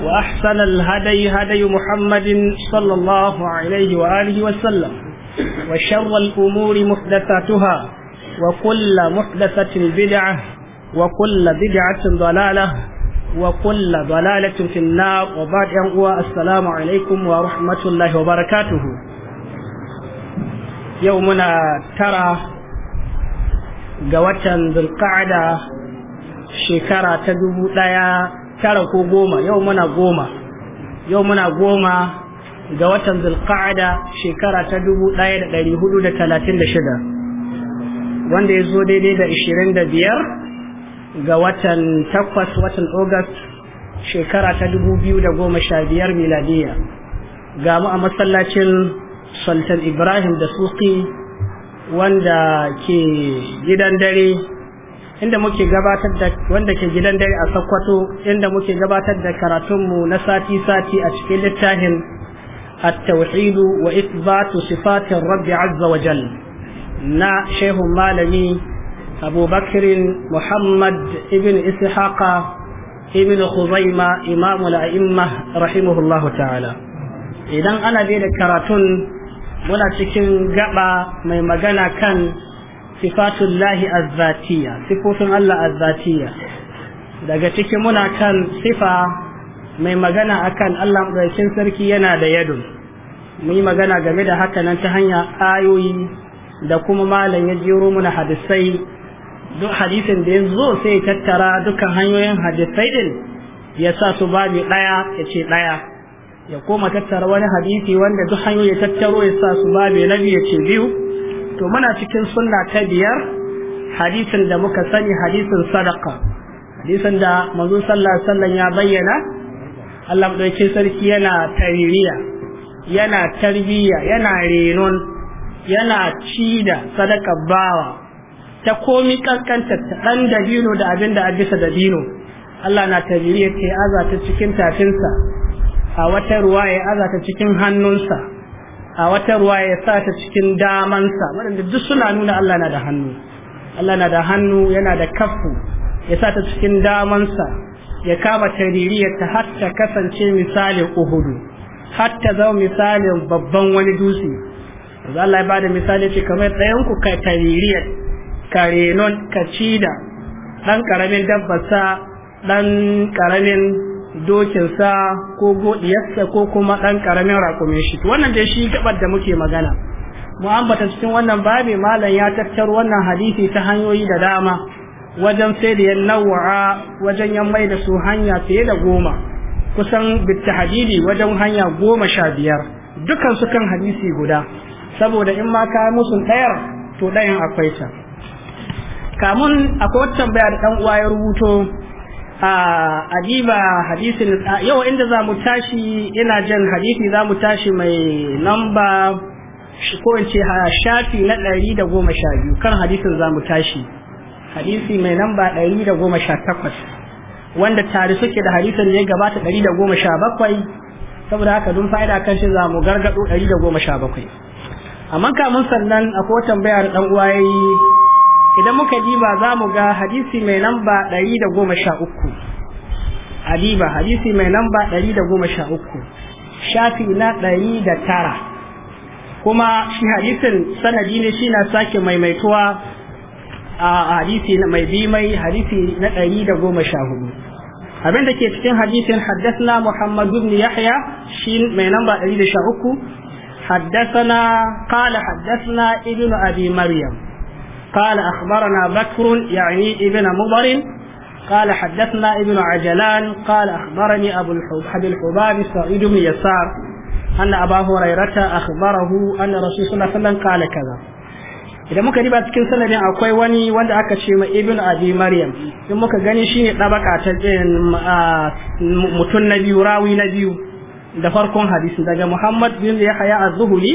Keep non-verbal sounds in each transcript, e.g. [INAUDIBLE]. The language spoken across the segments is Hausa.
وأحسن الهدي هدي محمد صلى الله عليه وآله وسلم وشر الأمور محدثاتها وكل محدثة بدعة وكل بدعة ضلالة وكل ضلالة في النار وبعد السلام عليكم ورحمة الله وبركاته يومنا ترى ga watan zulqa'ada shekara ta dubu ɗaya tara ko goma yau muna goma yau muna goma ga watan zulqa'ada shekara ta dubu ɗaya da da da ɗari hudu shida, wanda ya zo daidai da biyar. ga watan takwas watan august shekara ta da goma sha biyar miladiya ga mu a masallacin sultan ibrahim da suki wanda ke gidan dare inda muke gabatar da wanda ke gidan dare a Sokoto inda muke gabatar da karatun mu na sati sati a cikin littafin at-tauhid wa ithbat sifat ar-rabb azza wa jal na shehu malami abubakar muhammad ibn ishaka ibn khuzaima imam imma aimma rahimahullahu ta'ala idan ana da karatun muna cikin gaba mai magana kan sifatun lahi azzatiya sifofin Allah azzatiya daga ciki muna kan sifa mai magana akan Allah madaukakin sarki yana da yadu Mun yi magana game da haka nan ta hanya ayoyi da kuma malam ya jero muna hadisai duk hadisin da ya zo sai tattara dukkan hanyoyin hadisai din ya sa su babi ɗaya ya ce ɗaya ya koma tattara wani hadisi wanda duk hanyoyi ya tattaro ya sa su babi na biyu ya ce biyu to muna cikin sunna ta biyar hadisin da muka sani hadisin sadaka hadisin da manzo sallallahu alaihi wasallam ya bayyana Allah madaukakin sarki yana tariya yana tarbiya yana renon yana cida sadaka bawa ta komi kankanta ta dan dabino da abin da abisa dabino Allah na taririya ce azata cikin tafinsa a wata ruwa ya azata cikin hannunsa a wata ruwa ya sa ta cikin damansa waɗanda duk suna nuna Allah na da hannu Allah na da hannu yana da kafu ya sa ta cikin damansa ya kama taririyarta har ta kasance misalin uhudu har ta zama misalin babban wani dutse Allah ya bada misali ce kamar ɗayan ku ka taririyar ka renon ka cida ɗan ƙaramin dabbasa ɗan ƙaramin dokinsa ko godiyarsa ko kuma ɗan ƙaramin rakumin shi wannan dai shi gabar da muke magana mu ambata cikin wannan babi malam ya tattar wannan hadisi ta hanyoyi da dama wajen sai da ya wajen ya mai da su hanya fiye da goma kusan bitta hadidi wajen hanya goma sha biyar dukan su kan hadisi guda saboda in ma ka musu ɗayar to ɗayan akwai ta kamun akwai tambaya da ɗan uwa ya rubuto a diba hadisin yau inda za mu tashi ina jan hadisi za mu tashi mai namba ko in ce shafi na ɗari da goma sha biyu kan hadisin za mu tashi hadisi mai namba ɗari da goma sha takwas wanda tare suke da hadisin da ya gabata ɗari da goma sha bakwai saboda haka dun fa'ida kan shi za mu gargaɗo ɗari da goma sha bakwai amma kamun sannan akwai tambaya da ɗan uwa ya yi idan muka diba za mu ga hadisi mai lamba 113 adiba hadisi mai lamba 113 shafi na 109 kuma shi hadisin sanadi ne shi na sake maimaituwa a hadisi mai bimai mai hadisi na 114 abin da ke cikin hadisin haddasna Muhammadu Bin yahya shi mai lamba 113 حدثنا haddasa na ibn abi Maryam. قال أخبرنا بكر يعني ابن مضر قال حدثنا ابن عجلان قال أخبرني أبو الحب الحباب سعيد بن يسار أن أبا هريرة أخبره أن رسول الله صلى الله عليه وسلم قال كذا idan muka riba cikin sanadin akwai wani wanda aka ce ma ibn abi maryam in muka gani shine dabaka ta mutum na biyu rawi na biyu da farkon hadisi daga muhammad bin yahya az zuhuri.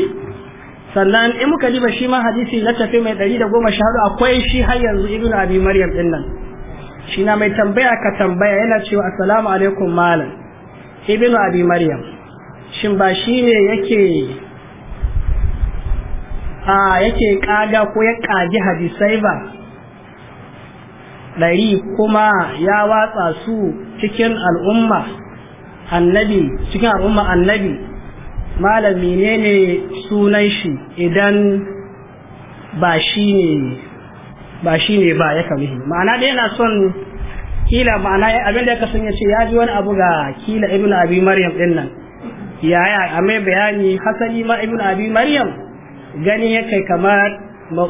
sannan in muka ba shi ma hadisi na tafi mai ɗari da goma sha akwai shi har yanzu ibnu abi maryam din nan shi na mai tambaya ka tambaya yana cewa assalamu alaikum malam ibnu abi maryam shin ba shi ne yake a yake kaga ko ya kaji hadisai ba ɗari kuma ya watsa su cikin al'umma annabi cikin al'umma annabi malam ne sunan shi idan ba shi ne ba shi ne ba ya kamihi ma'ana dai yana son kila ma'ana abin da ya kasan ya ce ya ji wani abu ga kila ibnu abi maryam din nan yaya a mai bayani hasali ma ibnu abi maryam gani ya kai kamar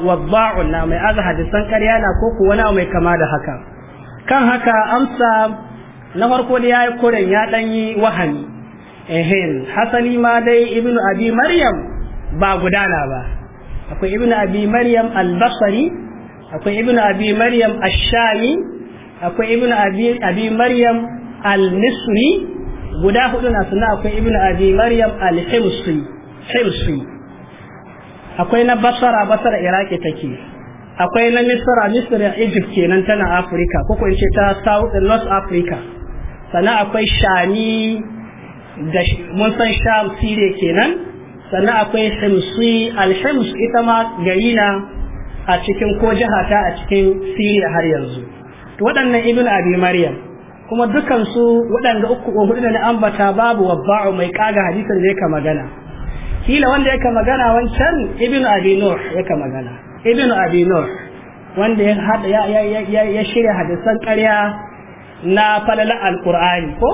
wabba'un na mai aza hadisan karya na ko kuwa na mai kama da haka kan haka amsa na farko da ya yi koren ya ɗan yi wahani ehin hasali ma dai ibnu abi maryam ba gudana ba akwai ibnu abi maryam al-basri akwai ibnu abi maryam ash-shami akwai ibnu abi abi maryam al-misri guda hudu na sunna akwai ibnu abi maryam al-himsi himsi akwai na basara basara iraki take akwai na misra misra egypt kenan tana africa ko ko in ce ta south north africa sannan akwai shani mun san sham sire kenan sannan akwai himsi alhims ita ma gari na a cikin ko jiha ta a cikin siriya har yanzu to waɗannan ibn abi maryam kuma dukan su waɗanda uku ko hudu na ambata babu wabba'u mai kaga hadisin da yake magana kila wanda yake magana wancan ibn abi nur yake magana ibn abi nur wanda ya hada ya ya ya shirya hadisan ƙarya na falala alqur'ani ko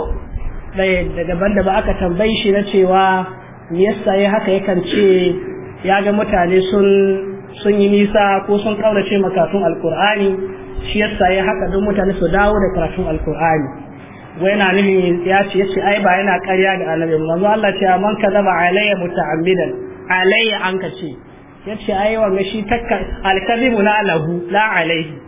ɗaya daga banda ba aka tambayi shi na cewa yasa ya haka yakan ce ya ga mutane sun sun yi nisa ko sun kaurace makatun alkur'ani shi yasa ya haka don mutane su dawo da karatun alkur'ani wai na nufin ya ce yace ai ba yana karya da annabi manzo Allah ce man kadaba alayya muta'ammidan alayya an ka ce yace ai wa shi takka alkazibu na lahu la alayhi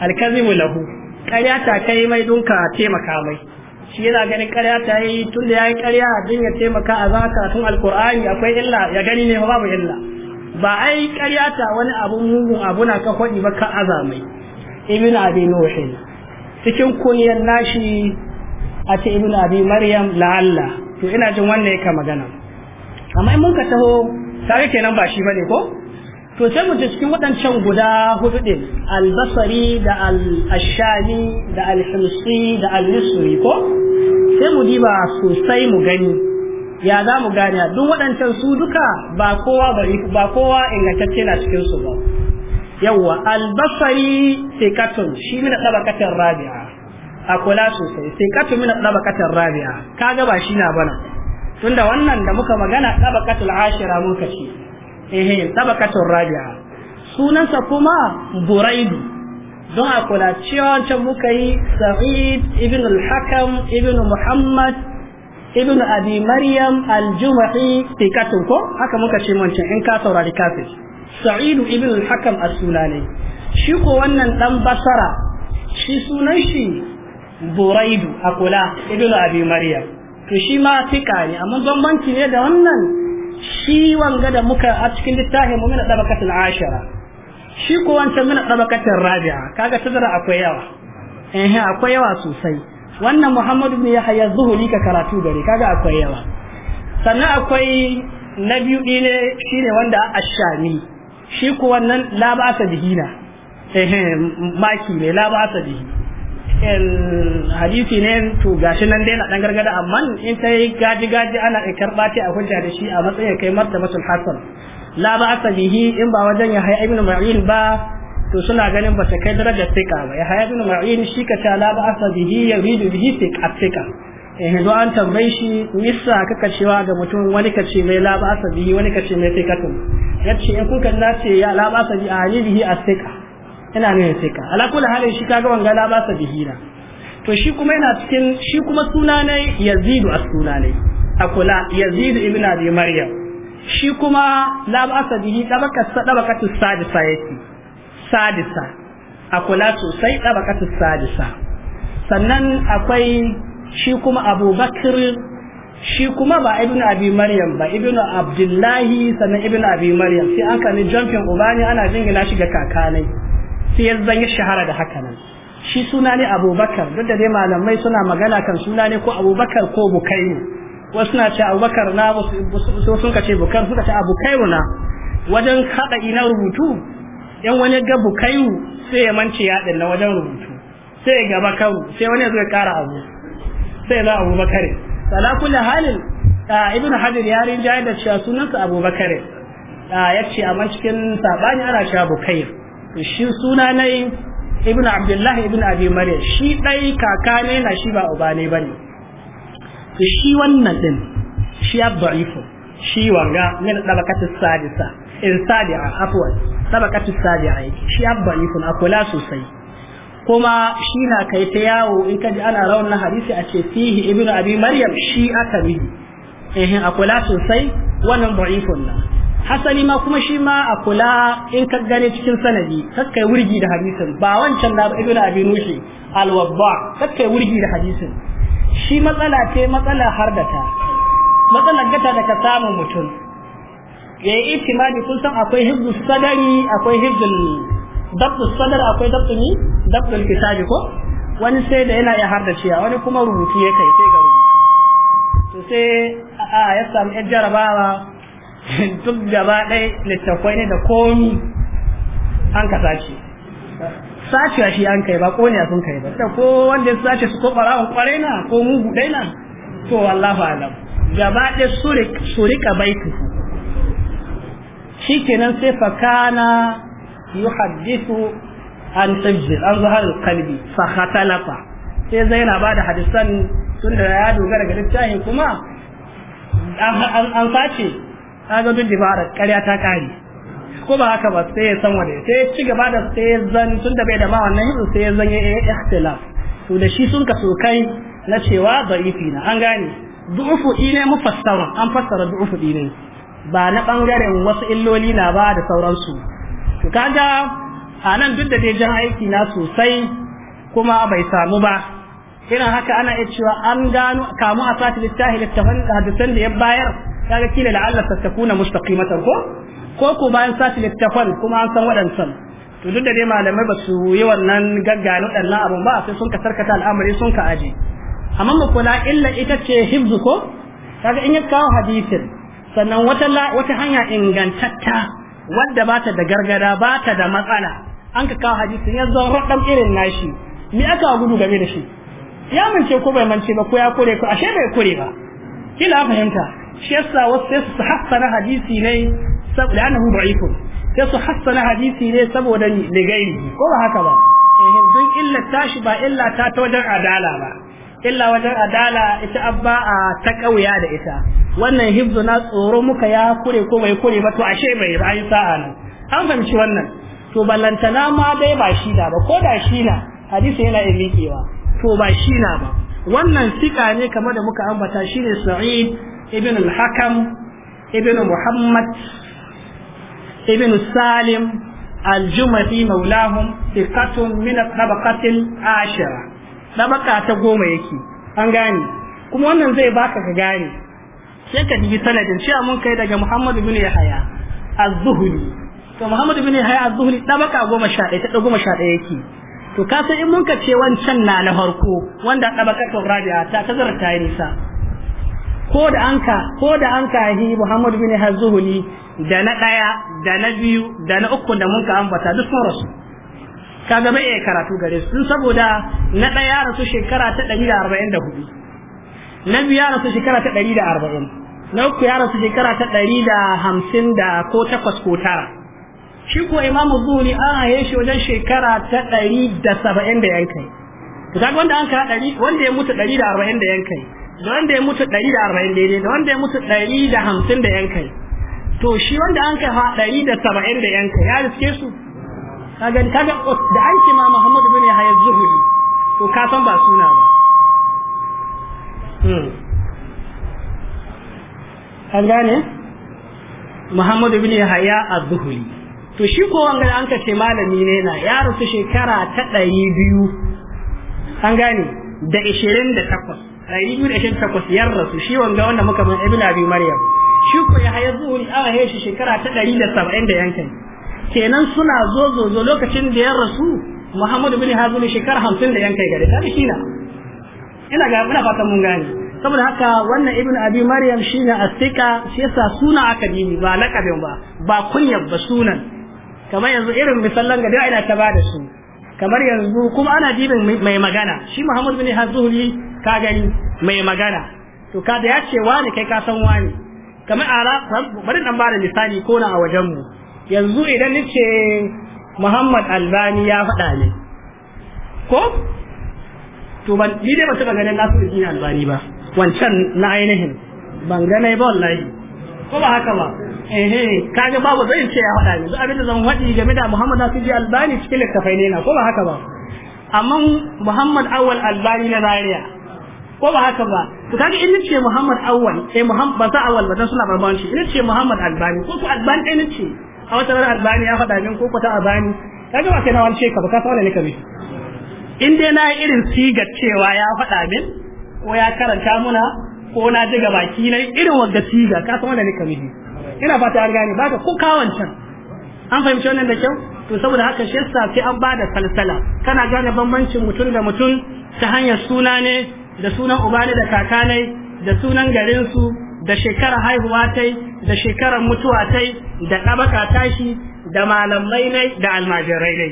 alkazibu lahu karya ta kai mai dunka taimaka mai shi yana ganin ƙarya ta yi tun da ya yi ƙarya din ya taimaka a zaka tun alkur'ani akwai illa ya gani ne babu illa ba ai karya ta wani abun mugun abu na kafaɗi ba ka azamai ibn abi nuhin cikin kuniyar nashi a ce ibn abi maryam la'alla to ina jin wannan yake magana amma in mun ka taho tare kenan ba shi bane ko to sai mu cikin waɗancan guda hudu ɗin albasari da al-ashami da al da al ko sai mu diba sosai mu gani ya za mu gane duk waɗancan su duka ba kowa ba kowa ingantacce na cikin su ba yawwa albasari sikatun shi mina rabi'a a kula sosai sikatun mina tabakatar rabi'a kaga ba shi na bana tunda wannan da muka magana tabakatul ashira muka ce ehe tabakatun rabi'a sunansa kuma buraidu don a kula cewa muka yi sa'id ibn al-hakam ibn muhammad ibn abi maryam al-jumahi tikatun ko haka muka ce mancin in ka saurari kafin sa'id ibn al-hakam as-suna shi ko wannan dan basara shi sunan shi buraidu a kula ibn abi maryam to shi ma tika ne amma bambanci ne da wannan shi wanga da muka a cikin littafin mu mina dabakatul ashara shi ko wancan mina dabakatul rabi'a kaga tazara akwai yawa eh akwai yawa sosai wannan Muhammadu ya Yahya Zuhuri ka karatu gare kaga akwai yawa sannan akwai na biyu ne shine wanda ashami shi ko wannan la sa bihina eh maki ne la ba sa bihi hadisi ne to gashi nan dai na dan gargada amma in ta yi gaji gaji ana karba ta a hujja da shi a matsayin kai martabatul hasan la ba asa bihi in ba wajen ya haya ibn ma'in ba to suna ganin ba ta kai darajar tsika ba ya haya ibn ma'in shi ka ta la ba asa bihi ya ridu bihi sika tsika eh zo an tambaye shi missa kaka cewa ga mutum wani ka ce mai la ba asa bihi wani ka ce mai tun yace in kuka nace ya la ba asa bihi a bihi a yana ne ya sika ala kulli halin shi kaga wanga la ba sa bihira to shi kuma yana cikin shi kuma suna ne yazidu as suna ne akula yazidu ibn abi maryam shi kuma la ba sa bihi dabaka sadabakatu sadisa yake sadisa akula sosai dabakatu sadisa sannan akwai shi kuma abubakar shi kuma ba ibn abi maryam ba ibn abdullahi sannan ibn abi maryam sai an kani jamfin ubani ana jingina shi ga kakanai sai ya zan yi shahara da haka nan shi suna ne abubakar duk da dai malamai suna magana kan suna ne ko abubakar ko bukairu wasu suna ce abubakar na wasu sun ka ce bukar suka ce abukairu na wajen haɗa ina rubutu yan wani ga bukairu sai ya mance ya na wajen rubutu sai ya gaba karu sai wani zai ƙara abu sai na abubakar ala kulli halin ibnu hajar ya rinjaye da cewa sunansa abubakar ya ce a cikin saɓani ana cewa bukair shi suna yi ibn abdullahi ibn abi mariya shi ɗai kaka ne na shi ba uba ne ba ne. shi wannan ɗin shi ya da'ifu shi wanga min dabakatu sadisa in sadi a afuwan afwan sadi a yake shi ya na kula sosai kuma shi na kai ta yawo in kaji ana rawan hadisi a ce fihi ibn abi maryam shi aka bi eh akula sosai wannan da'ifun nan hasali ma kuma shi ma a kula in ka gane cikin sanadi kakkai wurgi da hadisin ba wancan da ibnu abi nushi alwabba kakkai wurgi da hadisin shi matsala ce matsala har da matsalar gata da ka samu mutum ya yi itimadi kun san akwai hibdu sadari akwai hibdu dabdu sadar akwai dabdu ni dabdul kitabi ko wani sai da yana ya har da ciya wani kuma rubutu ya kai sai ga rubutu to sai a ya samu yan jarabawa [LAUGHS] duk gaba ɗaya littafai ne da komi an ka sace sacewa shi an kai ba ko a sun kai ba ta ko wanda ya sace su ko ɓarawon ƙwarai na ko mu ɗai na to wallahu alam gaba ɗaya su rika baitu shi kenan sai fakana yuhaddithu an sajjid an zuhar kalbi fa khatalafa sai zai na bada hadisan tunda ya dogara ga littafin kuma an sace kaga duk karya ta kare ko ba haka ba sai ya san wanda sai ya ci gaba da sai ya zan tun da bai da ma wannan hizu sai ya zan ya ikhtilaf to da shi sun kaso kai na cewa da'ifi na an gane du'ufu ne fassara. an fassara du'ufu ne ba na bangaren wasu illoli na ba da sauransu to kaga a nan duk da dai jan aiki na sosai kuma bai samu ba irin haka ana iya cewa an gano kamu a sati littafi littafan hadisan da ya bayar kaga kila la'alla tattakuna mustaqimatan ko ko ko bayan sati littafan kuma an san waɗansan to duk da dai malamai ba su yi wannan gaggano ɗannan abun ba sai sun ka sarkata al'amari sun ka aje amma ma kula illa ita ce hibzu ko kaga in ya kawo hadisin sannan wata wata hanya ingantatta wadda ba ta da gargada ba ta da matsala an ka kawo hadisin ya zan raɗan irin nashi Ni aka gudu game da shi ya mance ko bai mance ba ko ya kure ko ashe bai kure ba kila fahimta shi yasa wasu sai su hassana hadisi ne saboda annahu sai su hassana hadisi ne saboda ni gairi ko ba haka ba eh don illa tashi ba illa ta ta wajen adala ba illa wajen adala ita abba a ta kauya da ita wannan hibzu na tsoro muka ya kure ko bai kure ba to ashe bai ba yi sa'a nan an fahimci wannan to ballantana ma dai ba shi na ba ko da shi na hadisi yana iya miƙewa to ba shi na ba wannan sika ne kamar da muka ambata shine sa'id ibn al-hakam muhammad ibn salim al-jumahi maulahum thiqatun min tabaqatil ashira tabaka ta goma yake an gane kuma wannan zai baka ka gane sai ka dibi sanadin cewa mun kai daga muhammad ibn yahya az-zuhri to muhammad ibn yahya az-zuhri tabaka goma sha ɗaya ta to ka san in mun ka ce wancan na na farko wanda tabaqatul rabi'a ta tazara ta yi nisa ko da anka ko da anka hi Muhammad bin Hazuhuli da na daya da na biyu da na uku da mun ka ambata duk sun rasu Ka ga mai karatu gare su saboda na daya rasu shekara ta 144 na biyu ya rasu shekara ta 140 na uku ya rasu shekara ta 150 da ko takwas ko tara shi ko Imam Zuhuli an haye shi wajen shekara ta 170 da yankai kaga wanda an ka 100 wanda ya mutu 140 da yankai da wanda ya mutu ɗari da arba'in daidai da wanda ya mutu ɗari da hamsin da yanka to shi wanda an kai fa ɗari da saba'in da yanka ya riske su kaga kaga da an ce ma Muhammadu bin Yahya Zuhuri to ka san ba suna ba hmm. an gane Muhammadu bin Yahya az-Zuhuri to shi ko wanga an ka ce malami ne na ya rasu shekara ta ɗari biyu an gane da ishirin da takwas ɗari biyu da shi takwas ya rasu shi wanga wanda muka mun ibn abi maryam shi ko ya haya zuhuri a haye shi shekara ta ɗari da saba'in da yankin kenan suna zo zo lokacin da ya rasu muhammadu bin hazmi shekara hamsin da yankai gare ta shi na ina ga muna fatan mun gane saboda haka wannan ibn abi maryam shine asika shi yasa suna aka dini ba lakabin ba ba kunyar ba sunan kamar yanzu irin misallan ga da ina ta ba da su kamar yanzu kuma ana dibin mai magana shi Muhammadu bin Hazuli ka gani mai magana to kada ya ce wani kai ka san wani kamar ara bari dan bada misali ko na a wajen mu yanzu idan nace Muhammad Albani ya faɗa ne ko to ban ni dai ba ta ganin su ina Albani ba wancan na ainihin ban gane ba wallahi ko ba haka ba eh kaga babu zai ce ya faɗa ne abin da zan faɗi game da Muhammad Nasir Albani cikin littafai ne na ko ba haka ba amma Muhammad Awal Albani na Zaria ko ba haka ba to kaga in nace Muhammad Awwal sai eh, Muhammad ba sa Awwal ba dan suna barbawan shi in nace Muhammad Albani ko su Albani ɗaya nace a wata ran Albani ya faɗa min ko ko ta Albani kaga ba kai na wani sheka ba ka san ne ka bi in dai na irin sigar cewa ya faɗa min ko ya karanta muna ko na ji baki na irin wanda siga ka san wanda ne ka bi ina fata an gane baka ko kawancan an fahimci wannan da kyau to saboda haka shi yasa sai an bada salsala kana gane bambancin mutum da mutum ta hanyar suna ne da sunan ubani da kakanai da sunan garinsu da shekarar haihuwa tai da shekarar mutuwa tai da ɗabaka tashi da malamai nai da almajirai nai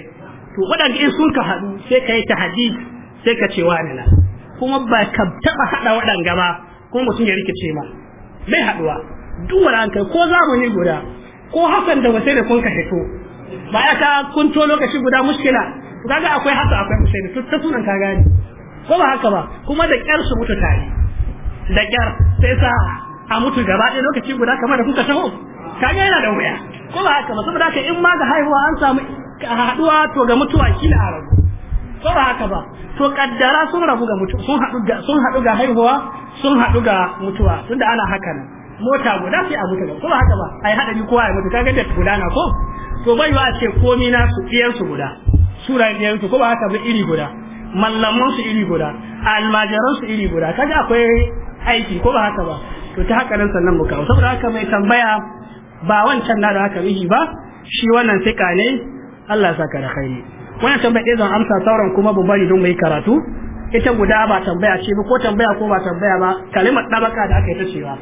to waɗanda in sun ka haɗu sai ka yi hadisi sai ka ce wani na kuma ba ka taɓa haɗa waɗanda ba kuma mutum ya rikice ma bai haɗuwa duk wani an kai ko zamani guda ko hakan da wasai da kun ka fito ba ya ka kun to lokaci guda mushkila kaga akwai haka akwai mushkila to ta sunan ka gane ko ba haka ba kuma da kyar su mutu tare da kyar sai sa a mutu gaba ɗaya lokaci guda kamar da kuka taho kaga yana da wuya ko ba haka ba saboda haka in ma ga haihuwa an samu haɗuwa to ga mutuwa shi a rabu ko ba haka ba to kaddara sun rabu ga mutu, sun haɗu ga sun haɗu ga haihuwa sun haɗu ga mutuwa tunda ana haka mota guda sai a mutu ko ba haka ba ai haɗa ni kowa ya mutu kaga da gudana ko to bai ba a ce na su iyan su guda sura iyan su ko ba haka ba iri guda mallamansu iri guda a su iri guda kaga akwai aiki ko ba haka ba to ta haka nan sannan mu kawo saboda haka mai tambaya ba wancan na da haka miji ba shi wannan sika ne Allah saka da khairi wannan tambaya ɗaya zan amsa sauran kuma bu bari don mai karatu ita guda ba tambaya ce ba ko tambaya ko ba tambaya ba kalimar ɗabaka da aka yi ta cewa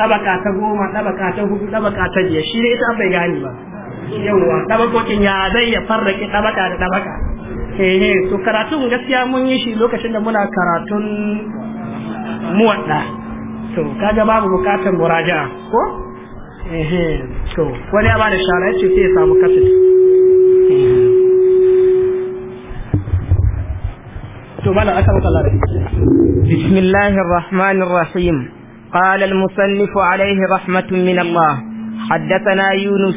ɗabaka ta goma ɗabaka ta hudu ɗabaka ta biyar shi ne ita bai gane ba yawwa dabakokin ya zai ya farrake ɗabaka da ɗabaka eh to karatu gaskiya mun yi shi lokacin da muna karatun muwadda to kaga babu bukatar muraja ko eh to wani ya bada shara yace sai ya samu kafin eh. to malam aka maka Allah bismillahir rahmanir rahim قال المصنف عليه رحمة من الله حدثنا يونس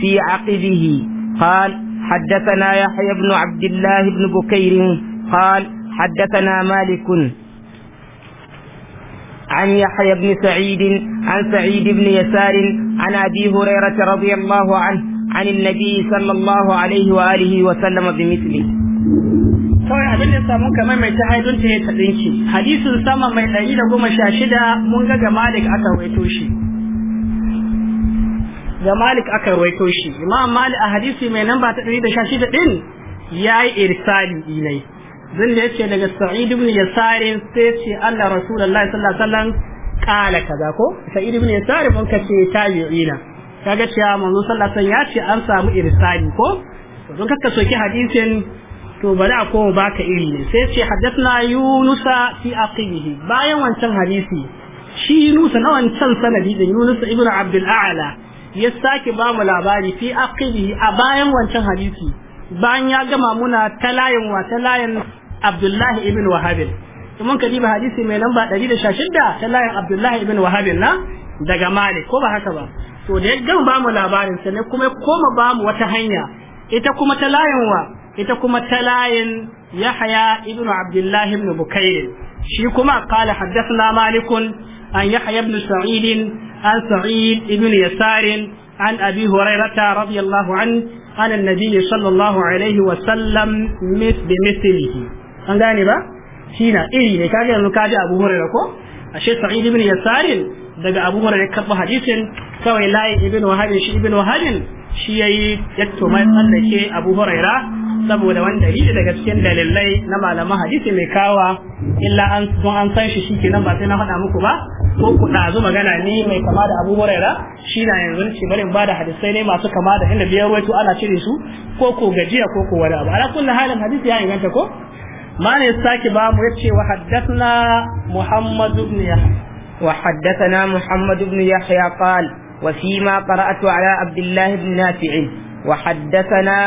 في عقبه قال حدثنا يحيى بن عبد الله بن بكير قال حدثنا مالك عن يحيى بن سعيد عن سعيد بن يسار عن ابي هريره رضي الله عنه عن النبي صلى الله عليه واله وسلم بمثله kawai abin da samu kamar mai ta haidun ta ya taɗin hadisin sama mai ɗari da goma sha shida mun ga ga malik aka waito shi ga malik aka ruwaito shi imam malik a hadisi mai namba ta 116 din yayi irsali ilai zan da ce daga sa'id ibn yasar sai ce Allah rasulullahi sallallahu alaihi wasallam kala kaza ko sa'id ibn yasar mun kace tabi'ina kaga cewa manzo sallallahu alaihi wasallam ya ce an samu irsali ko don kakka soki hadisin to bari a koma baka iri ne sai ce haddathna yunusa fi aqibihi bayan wancan hadisi shi Yunus na wancan sanadi da yunusa ibn abdul a'la ya sake ba mu labari fi aqibi a bayan wancan hadisi bayan ya gama muna ta layin wa ta layin Abdullahi ibn Wahab mun ka diba hadisi mai lamba 116 ta layin Abdullahi ibn Wahab na daga Malik ko ba haka ba to da ya gama ba mu labarin sa ne kuma ya koma ba mu wata hanya ita kuma ta layin wa ita kuma ta layin Yahya ibn Abdullahi ibn Bukair shi kuma qala haddathna Malikun عن يحيى بن سعيد عن سعيد بن يسار عن أبي هريرة رضي الله عنه عن النبي صلى الله عليه وسلم مثل بمثله an gane ba shi na iri ne kaga yanzu kaji abu hurairu ko ashe sa'id ibn yasarin daga abu hurairu karɓi hadisin kawai layi ibn wahabin shi ibn wahabin shi yayi yatto mai ke abu huraira saboda wani dalili daga cikin dalilai na malaman hadisi mai kawa illa an sun an san shi shike nan ba sai na faɗa muku ba ko ku ɗazu magana ni mai kama da Abu Huraira shi na yanzu ce bari bada hadisai ne masu kama da inda biyar wato ana cire su ko ko gajiya ko ko wani abu ala kullu halin hadisi ya inganta ko ما نستاكي باب يبشي وحدثنا محمد بن يحيى وحدثنا محمد بن يحيى قال وفيما قرأت على عبد الله بن نافع وحدثنا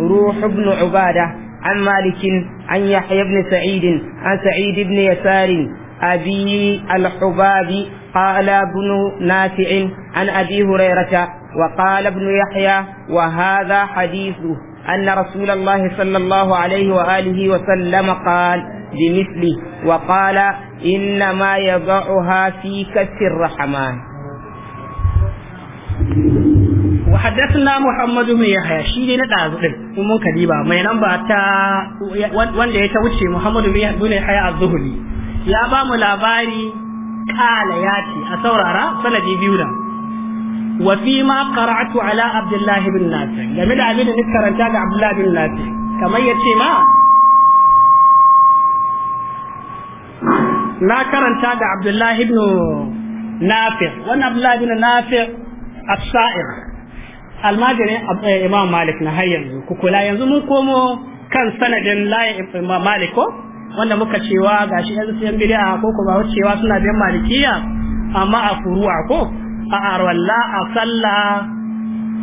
روح بن عبادة عن مالك عن يحيى بن سعيد عن سعيد بن يسار أبي الحباب قال ابن نافع عن أبي هريرة وقال ابن يحيى وهذا حديثه أن رسول الله صلى الله عليه وآله وسلم قال بمثله وقال إنما يضعها في كف الرحمن wa haddathna Muhammad bin Yahya shi ne na dazu din mun mun kadiba mai namba ta wanda ya ta wuce Muhammad bin Yahya az-Zuhri ya bamu labari kala ya a saurara sanadi biyu da wa ma qara'tu ala Abdullah bin Nafi game da abin da ga Abdullah bin Nafi kamar yace ma na karanta ga Abdullah almajirin eh, imam malik na har yanzu kukula yanzu mun komo kan sanadin layin imam malik ko wanda muka cewa gashi yanzu yan bid'a ko kuma cewa suna biyan malikiya amma a furuwa ko a arwalla a sallah,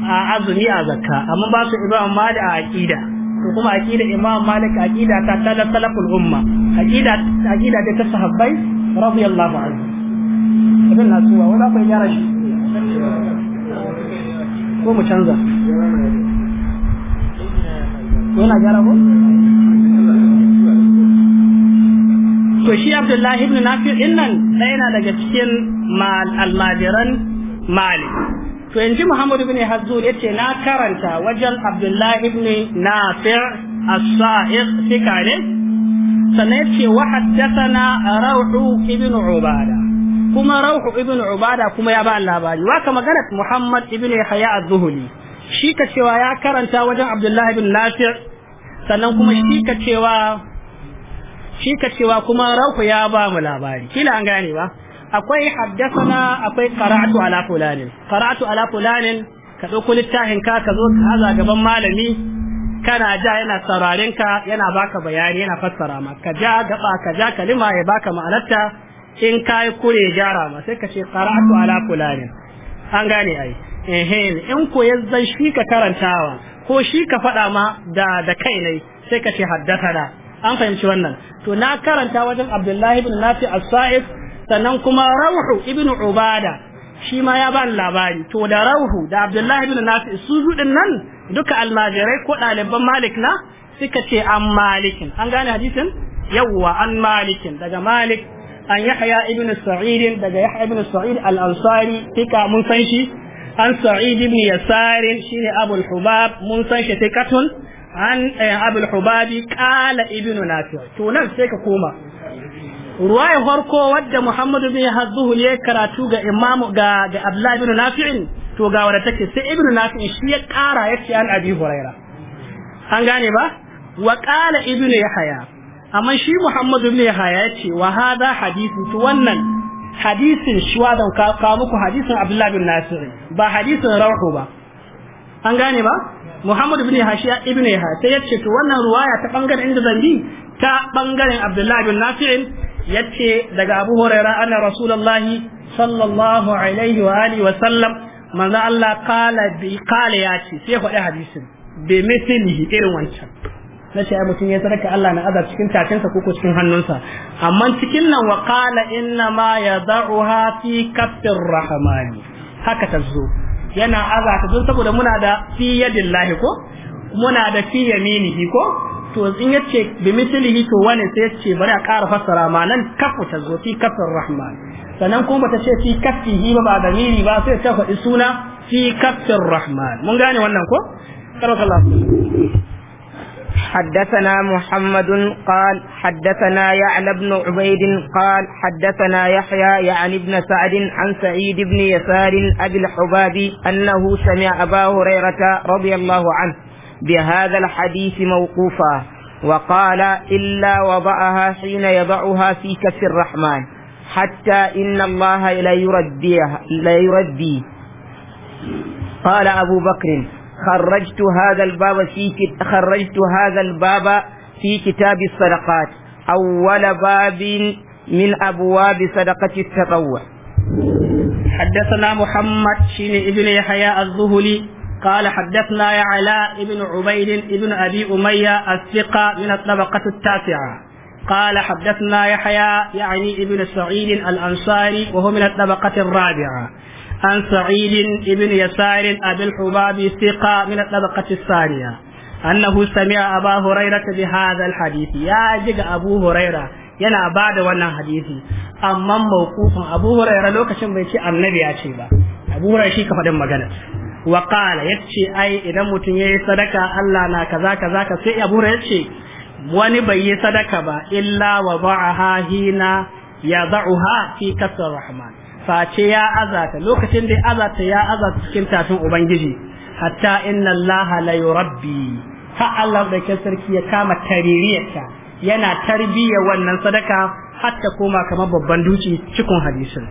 a azumi a zakka amma ba su imam malik a aqida to kuma aqida imam malik aqida ta tala salaful umma aqida aqida da ta sahabbai radiyallahu anhu na nasuwa wala ko ya shi ko mu canza yana gyara ko to shi abdullahi ibn nafi' din nan ɗaya na daga cikin almajiran mali. to yanzu muhammad ibn hazzur yace na karanta wajen abdullahi ibn nafi' as-sa'iq fika ne sannan yace wa haddathana rawhu ibn ubada kuma rauhu ibn ubada kuma ya ba labari ka magana muhammad ibn yahya az-zuhli shi ka cewa ya karanta wajen abdullah ibn nafi' sannan kuma shi ka cewa shi ka cewa kuma rauhu ya ba mu labari kila an gane ba akwai haddathana akwai qara'atu ala fulanin qara'atu ala fulanin ka dauko littafin ka ka zo ka haza gaban malami kana ja yana sararin ka yana baka bayani yana fassara maka ka ja gaba ka ja kalima ya baka ma'anarta in kai kure gyara ma sai ka ce qara'atu ala fulani an gane ai eh in ko yazzan shi ka karantawa ko shi ka faɗa ma da da kai ne sai ka ce haddathana an fahimci wannan to na karanta wajen Abdullahi ibn Nafi as-Sa'id sannan kuma Rawhu ibn Ubada shi ma ya bani labari to da Rawhu da Abdullahi ibn Nafi su zudin nan duka almajirai ko ɗaliban Malik na suka ce an Malikin an gane hadisin yawwa an Malikin daga Malik an yahya ibn sa'id daga yahya ibn sa'id al-ansari tika mun san shi an sa'id ibn yasar shine abul hubab mun san shi tikatun an eh, abul hubabi qala ibn nafi' to nan sai ka koma ruwaya farko wadda muhammadu bin hazzuhu ya karatu ga imamu ga ga abdullah ibn nafi'in to ga wadda take sai ibn nafi'in shi ya kara yace an abi huraira an gane ba wa qala ibn yahya amma shi Muhammadu ibn Yahya yace wa hadha hadithu to wannan hadisin shi wa da ka muku hadisin Abdullah bin Nasir ba hadisin Rawhu ba an gane ba Muhammadu ibn Yahya ibn Yahya sai yace to wannan ruwaya ta bangaren inda zan zambi ta bangaren Abdullah bin Nasir yace daga Abu Hurairah anna Rasulullahi sallallahu alaihi wa alihi wa sallam manzo Allah qala bi qala yace sai faɗi hadisin bi mithlihi irin wancan na ce mutum ya sadaka Allah na azab cikin takinsa ko ko cikin hannunsa amma cikin nan wa qala inna ma yad'uha fi kaffir rahmani haka ta zo yana azata don saboda muna da fi yadillahi ko muna da fi yaminihi ko to in yace bi mithlihi to wani sai yace bari a ƙara fassara ma nan kafu ta zo fi kaffir rahman sannan kuma ta ce fi kaffihi ba ba damiri ba sai ta faɗi suna fi kaffir rahman mun gane wannan ko حدثنا محمد قال حدثنا يعلى بن عبيد قال حدثنا يحيى يعني بن سعد عن سعيد بن يسار أبي الحباب أنه سمع أبا هريرة رضي الله عنه بهذا الحديث موقوفا وقال إلا وضعها حين يضعها في كف الرحمن حتى إن الله لا يرديها لا يردي قال أبو بكر خرجت هذا الباب في خرجت هذا الباب في كتاب الصدقات أول باب من أبواب صدقة التطوع حدثنا محمد شين ابن يحيى الظهلي قال حدثنا علاء ابن عبيد ابن أبي أمية الثقة من الطبقة التاسعة قال حدثنا يحيى يعني ابن سعيد الأنصاري وهو من الطبقة الرابعة عن سعيد بن يسار أبي الحباب ثقة من الطبقة الثانية أنه سمع أبا هريرة بهذا الحديث يا جد أبو هريرة yana ba da wannan hadisi amma mawqufin Abu Hurairah lokacin bai ci annabi ya ce ba Abu Hurairah shi ka magana wa qala yace ai idan mutum yayi sadaka Allah na kaza kaza sai Abu Hurairah yace wani bai yi sadaka ba illa wa ba'aha hina ya da'uha fi kasar rahman face ya azata lokacin da ya azata ya azata cikin tafin ubangiji hatta inna allaha la yurabbi fa Allah da ke sarki ya kama taririyarta yana tarbiya wannan sadaka hatta koma kamar babban duci cikin hadisin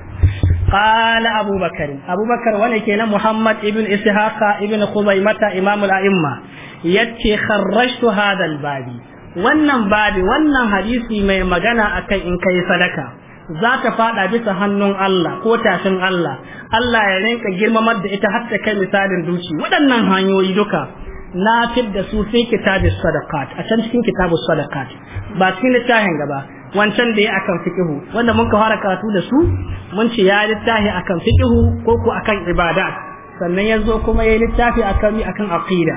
qala abubakar abubakar wani na muhammad ibn ishaqa ibn khuzaimata imam al-a'imma yace kharrajtu hadha al-babi wannan babi wannan hadisi mai magana akan in kai sadaka za ta fada bisa hannun Allah ko tashin Allah Allah ya rinka girmamar da ita har ta kai misalin duci waɗannan hanyoyi duka na fit da su sai kitabus sadaqat a can cikin kitabus sadaqat ba cikin littafin gaba wancan da ya akan fiqhu wanda mun ka fara karatu da su mun ce ya littafi akan fiqhu ko ko akan ibada. sannan ya zo kuma ya littafi akan mi akan aqida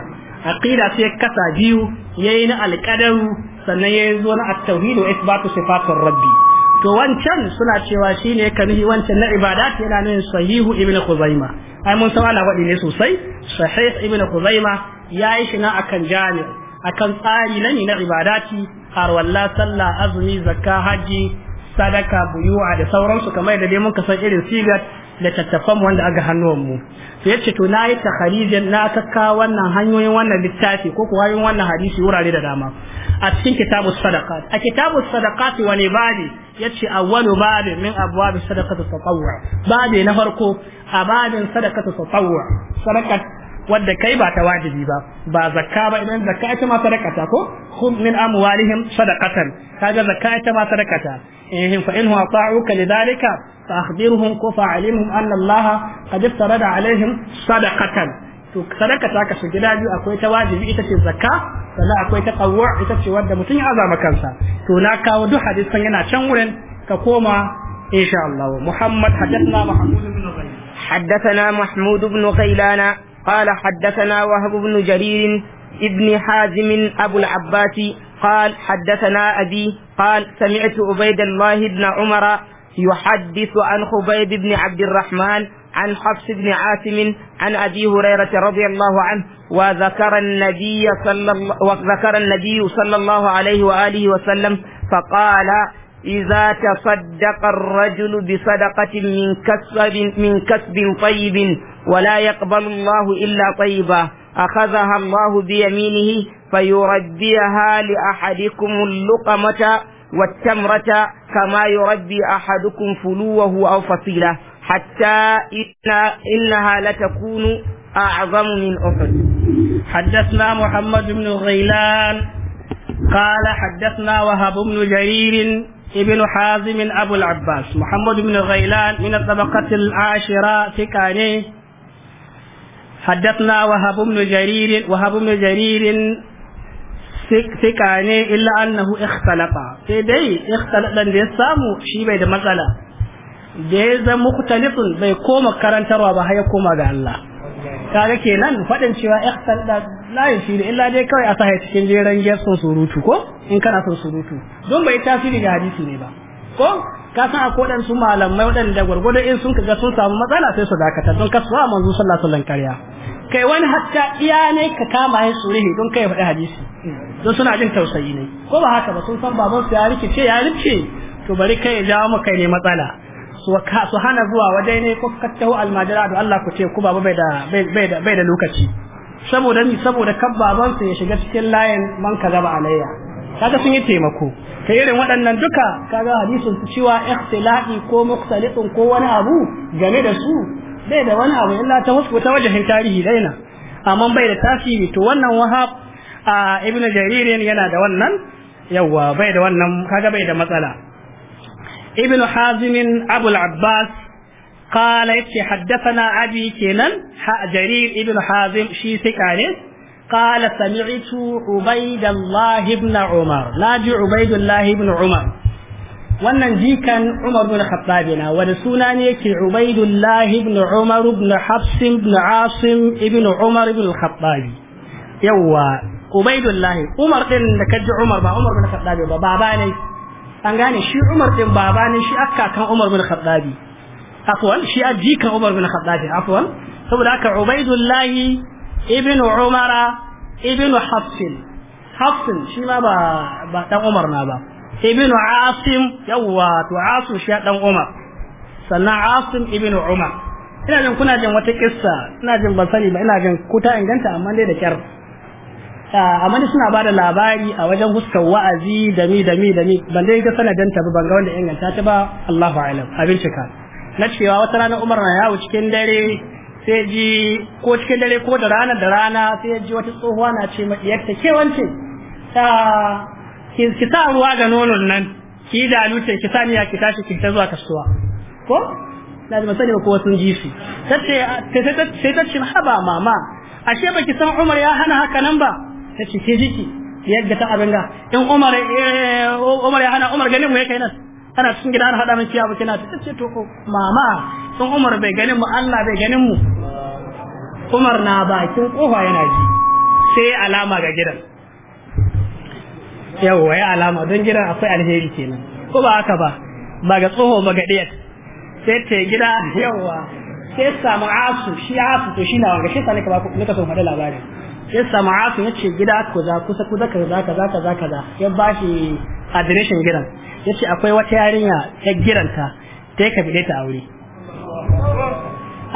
aqida sai kasa biyu yayi na alqadaru sannan ya zo na at-tauhid wa isbatu sifatir rabbi to wancan suna cewa shine ka nuhi wancan na ibadat yana nan sahihu ibnu khuzaima ai mun san ana wadi ne sosai sahih ibnu khuzaima yayi shi na akan jami akan tsari na na ibadati har walla sallah azumi zakka haji sadaka buyu'a da sauransu kamar da dai muka san irin sigar da tattafan wanda aga hannuwan mu to yace to nayi takharijin na kakka wannan hanyoyin wannan littafi ko ko hanyoyin wannan hadisi wurare da dama a cikin kitabu sadaqat a kitabu sadaqat wani babi yace awwalu babi min abwabi sadaqatu tatawwu babi na farko a babin sadaqatu tatawwu sadaqat wadda kai ba ta wajibi ba ba zakka ba idan zakka ita ma sadaqata ko hum min amwalihim sadaqatan kaga zakka ita ma sadaqata eh fa in huwa ta'uka lidhalika fa akhbirhum ko fa alimhum anna allaha qad iftarada alaihim sadaqatan to sadaka ta kasu gida biyu akwai ta wajibi ita ce zakka sannan akwai ta tawwa ita ce wanda mutum ya azama kansa to na kawo duk hadisan yana can wurin ka koma insha Allah Muhammad haddathana Mahmud ibn Ghailan haddathana Mahmud ibn Ghailan qala قال Wahb وهب Jarir ibn Hazim Abu al-Abbas قال حدثنا أبي قال سمعت عبيد الله بن عمر يحدث عن خبيب بن عبد الرحمن عن حفص بن عاصم عن ابي هريره رضي الله عنه وذكر النبي صلى الله وذكر النبي صلى الله عليه واله وسلم فقال إذا تصدق الرجل بصدقة من كسب من كسب طيب ولا يقبل الله إلا طيبا أخذها الله بيمينه فيربيها لأحدكم اللقمة والتمرة كما يربي أحدكم فلوه أو فصيله حتى إنها لتكون أعظم من أحد حدثنا محمد بن غيلان قال حدثنا وهب بن جرير ابن حازم أبو العباس محمد بن غيلان من الطبقة العاشرة سكاني حدثنا وهب بن جرير وهب بن جرير سكاني إلا أنه اختلط سيدي اختلط لن يسامو شيء بيد مسألة da ya zama mukhtalifun bai koma karantarwa ba har ya koma ga Allah kaga kenan faɗin cewa ihsan da layin shi da illa dai kawai a sa cikin jeran gerson surutu ko in kana son surutu don bai tasiri ga hadisi ne ba ko ka san akwai su malamai waɗanda gwargwado in sun kaga sun samu matsala sai su dakata don kasuwa manzo sallallahu alaihi wasallam kariya kai wani hatta iya ne ka kama yin surihi don kai faɗi hadisi don suna jin tausayi ne ko ba haka ba sun san baban su ya rikice ya rikice to bari kai ya jawo maka ne matsala su hana zuwa waje ne ko kattahu almajira da Allah ku ce ku baba bai da bai da bai da lokaci saboda ni saboda kan baban ya shiga cikin layin man kaza ba alayya kaga sun yi taimako ta irin waɗannan duka kaga hadisin su cewa ikhtilafi ko mukhtalitun ko wani abu game da su bai da wani abu illa ta wasu ta wajahin tarihi daina amma bai da tasiri to wannan wahab a ibnu jaririn yana da wannan yawa bai da wannan kaga bai da matsala ابن حازم أبو العباس قال يكي حدثنا أبي كينان جرير ابن حازم شي سكاني قال سمعت عبيد الله بن عمر ناجي عبيد الله بن عمر wannan jikan Umar bin Khattab wani suna ne yake Ubaidullah ibn Umar ibn Hafs ibn Asim ibn Umar ibn Khattab yawa Ubaidullah Umar din da kaji Umar ba Umar bin Khattab ba baba ne an gane shi Umar din babanin shi akka kan Umar bin Khattabi afwan shi aji kan Umar bin Khattabi afwan saboda aka Ubaidullah ibn Umar ibn Hafs Hafs shi ma ba ba dan Umar na ba ibn Asim yawa to Asim shi dan Umar sannan Asim ibn Umar ina jin kuna jin wata kissa ina jin ba sani ba ina jin ko ta inganta amma dai da kyar Ah, mani suna bada labari a wajen huskar wa'azi da mi da mi da mi ban dai ga sanadin ta ban ga wanda inganta ta ba Allahu a'lam abin cika na cewa wata rana Umar na yawo cikin dare sai ji ko cikin dare ko da rana da rana sai ji wata tsohuwa na ce ma iyarta ke wance ta ki sa ruwa ga nonon nan ki da luce ki niya ki tashi ki ta zuwa kasuwa ko na da sani ko sun ji su ta sai ta ce haba mama ashe baki san Umar ya hana haka nan ba ta ce ke jiki yadda ta abin da in umar umar ya hana umar ganin mu ya kai nan ana cikin gida ana hada min ciya kina ta ce to oh, mama in umar bai ganin mu Allah bai ganin mu umar na bakin kofa yana ji sai alama ga gidan yawwa ya alama don gidan akwai alheri kenan ko ba haka ba ba ga tsoho ba ga ɗiyar sai ta gida yawwa sai samu asu shi asu to shi na wanga shi sa ka ba ka son faɗi labarin ya sama asu ya ce gida kaza kusa zaka, kaza kaza kaza kaza ya bashi adireshin gidan ya ce akwai wata yarinya ta giranta ta yi ka bide ta aure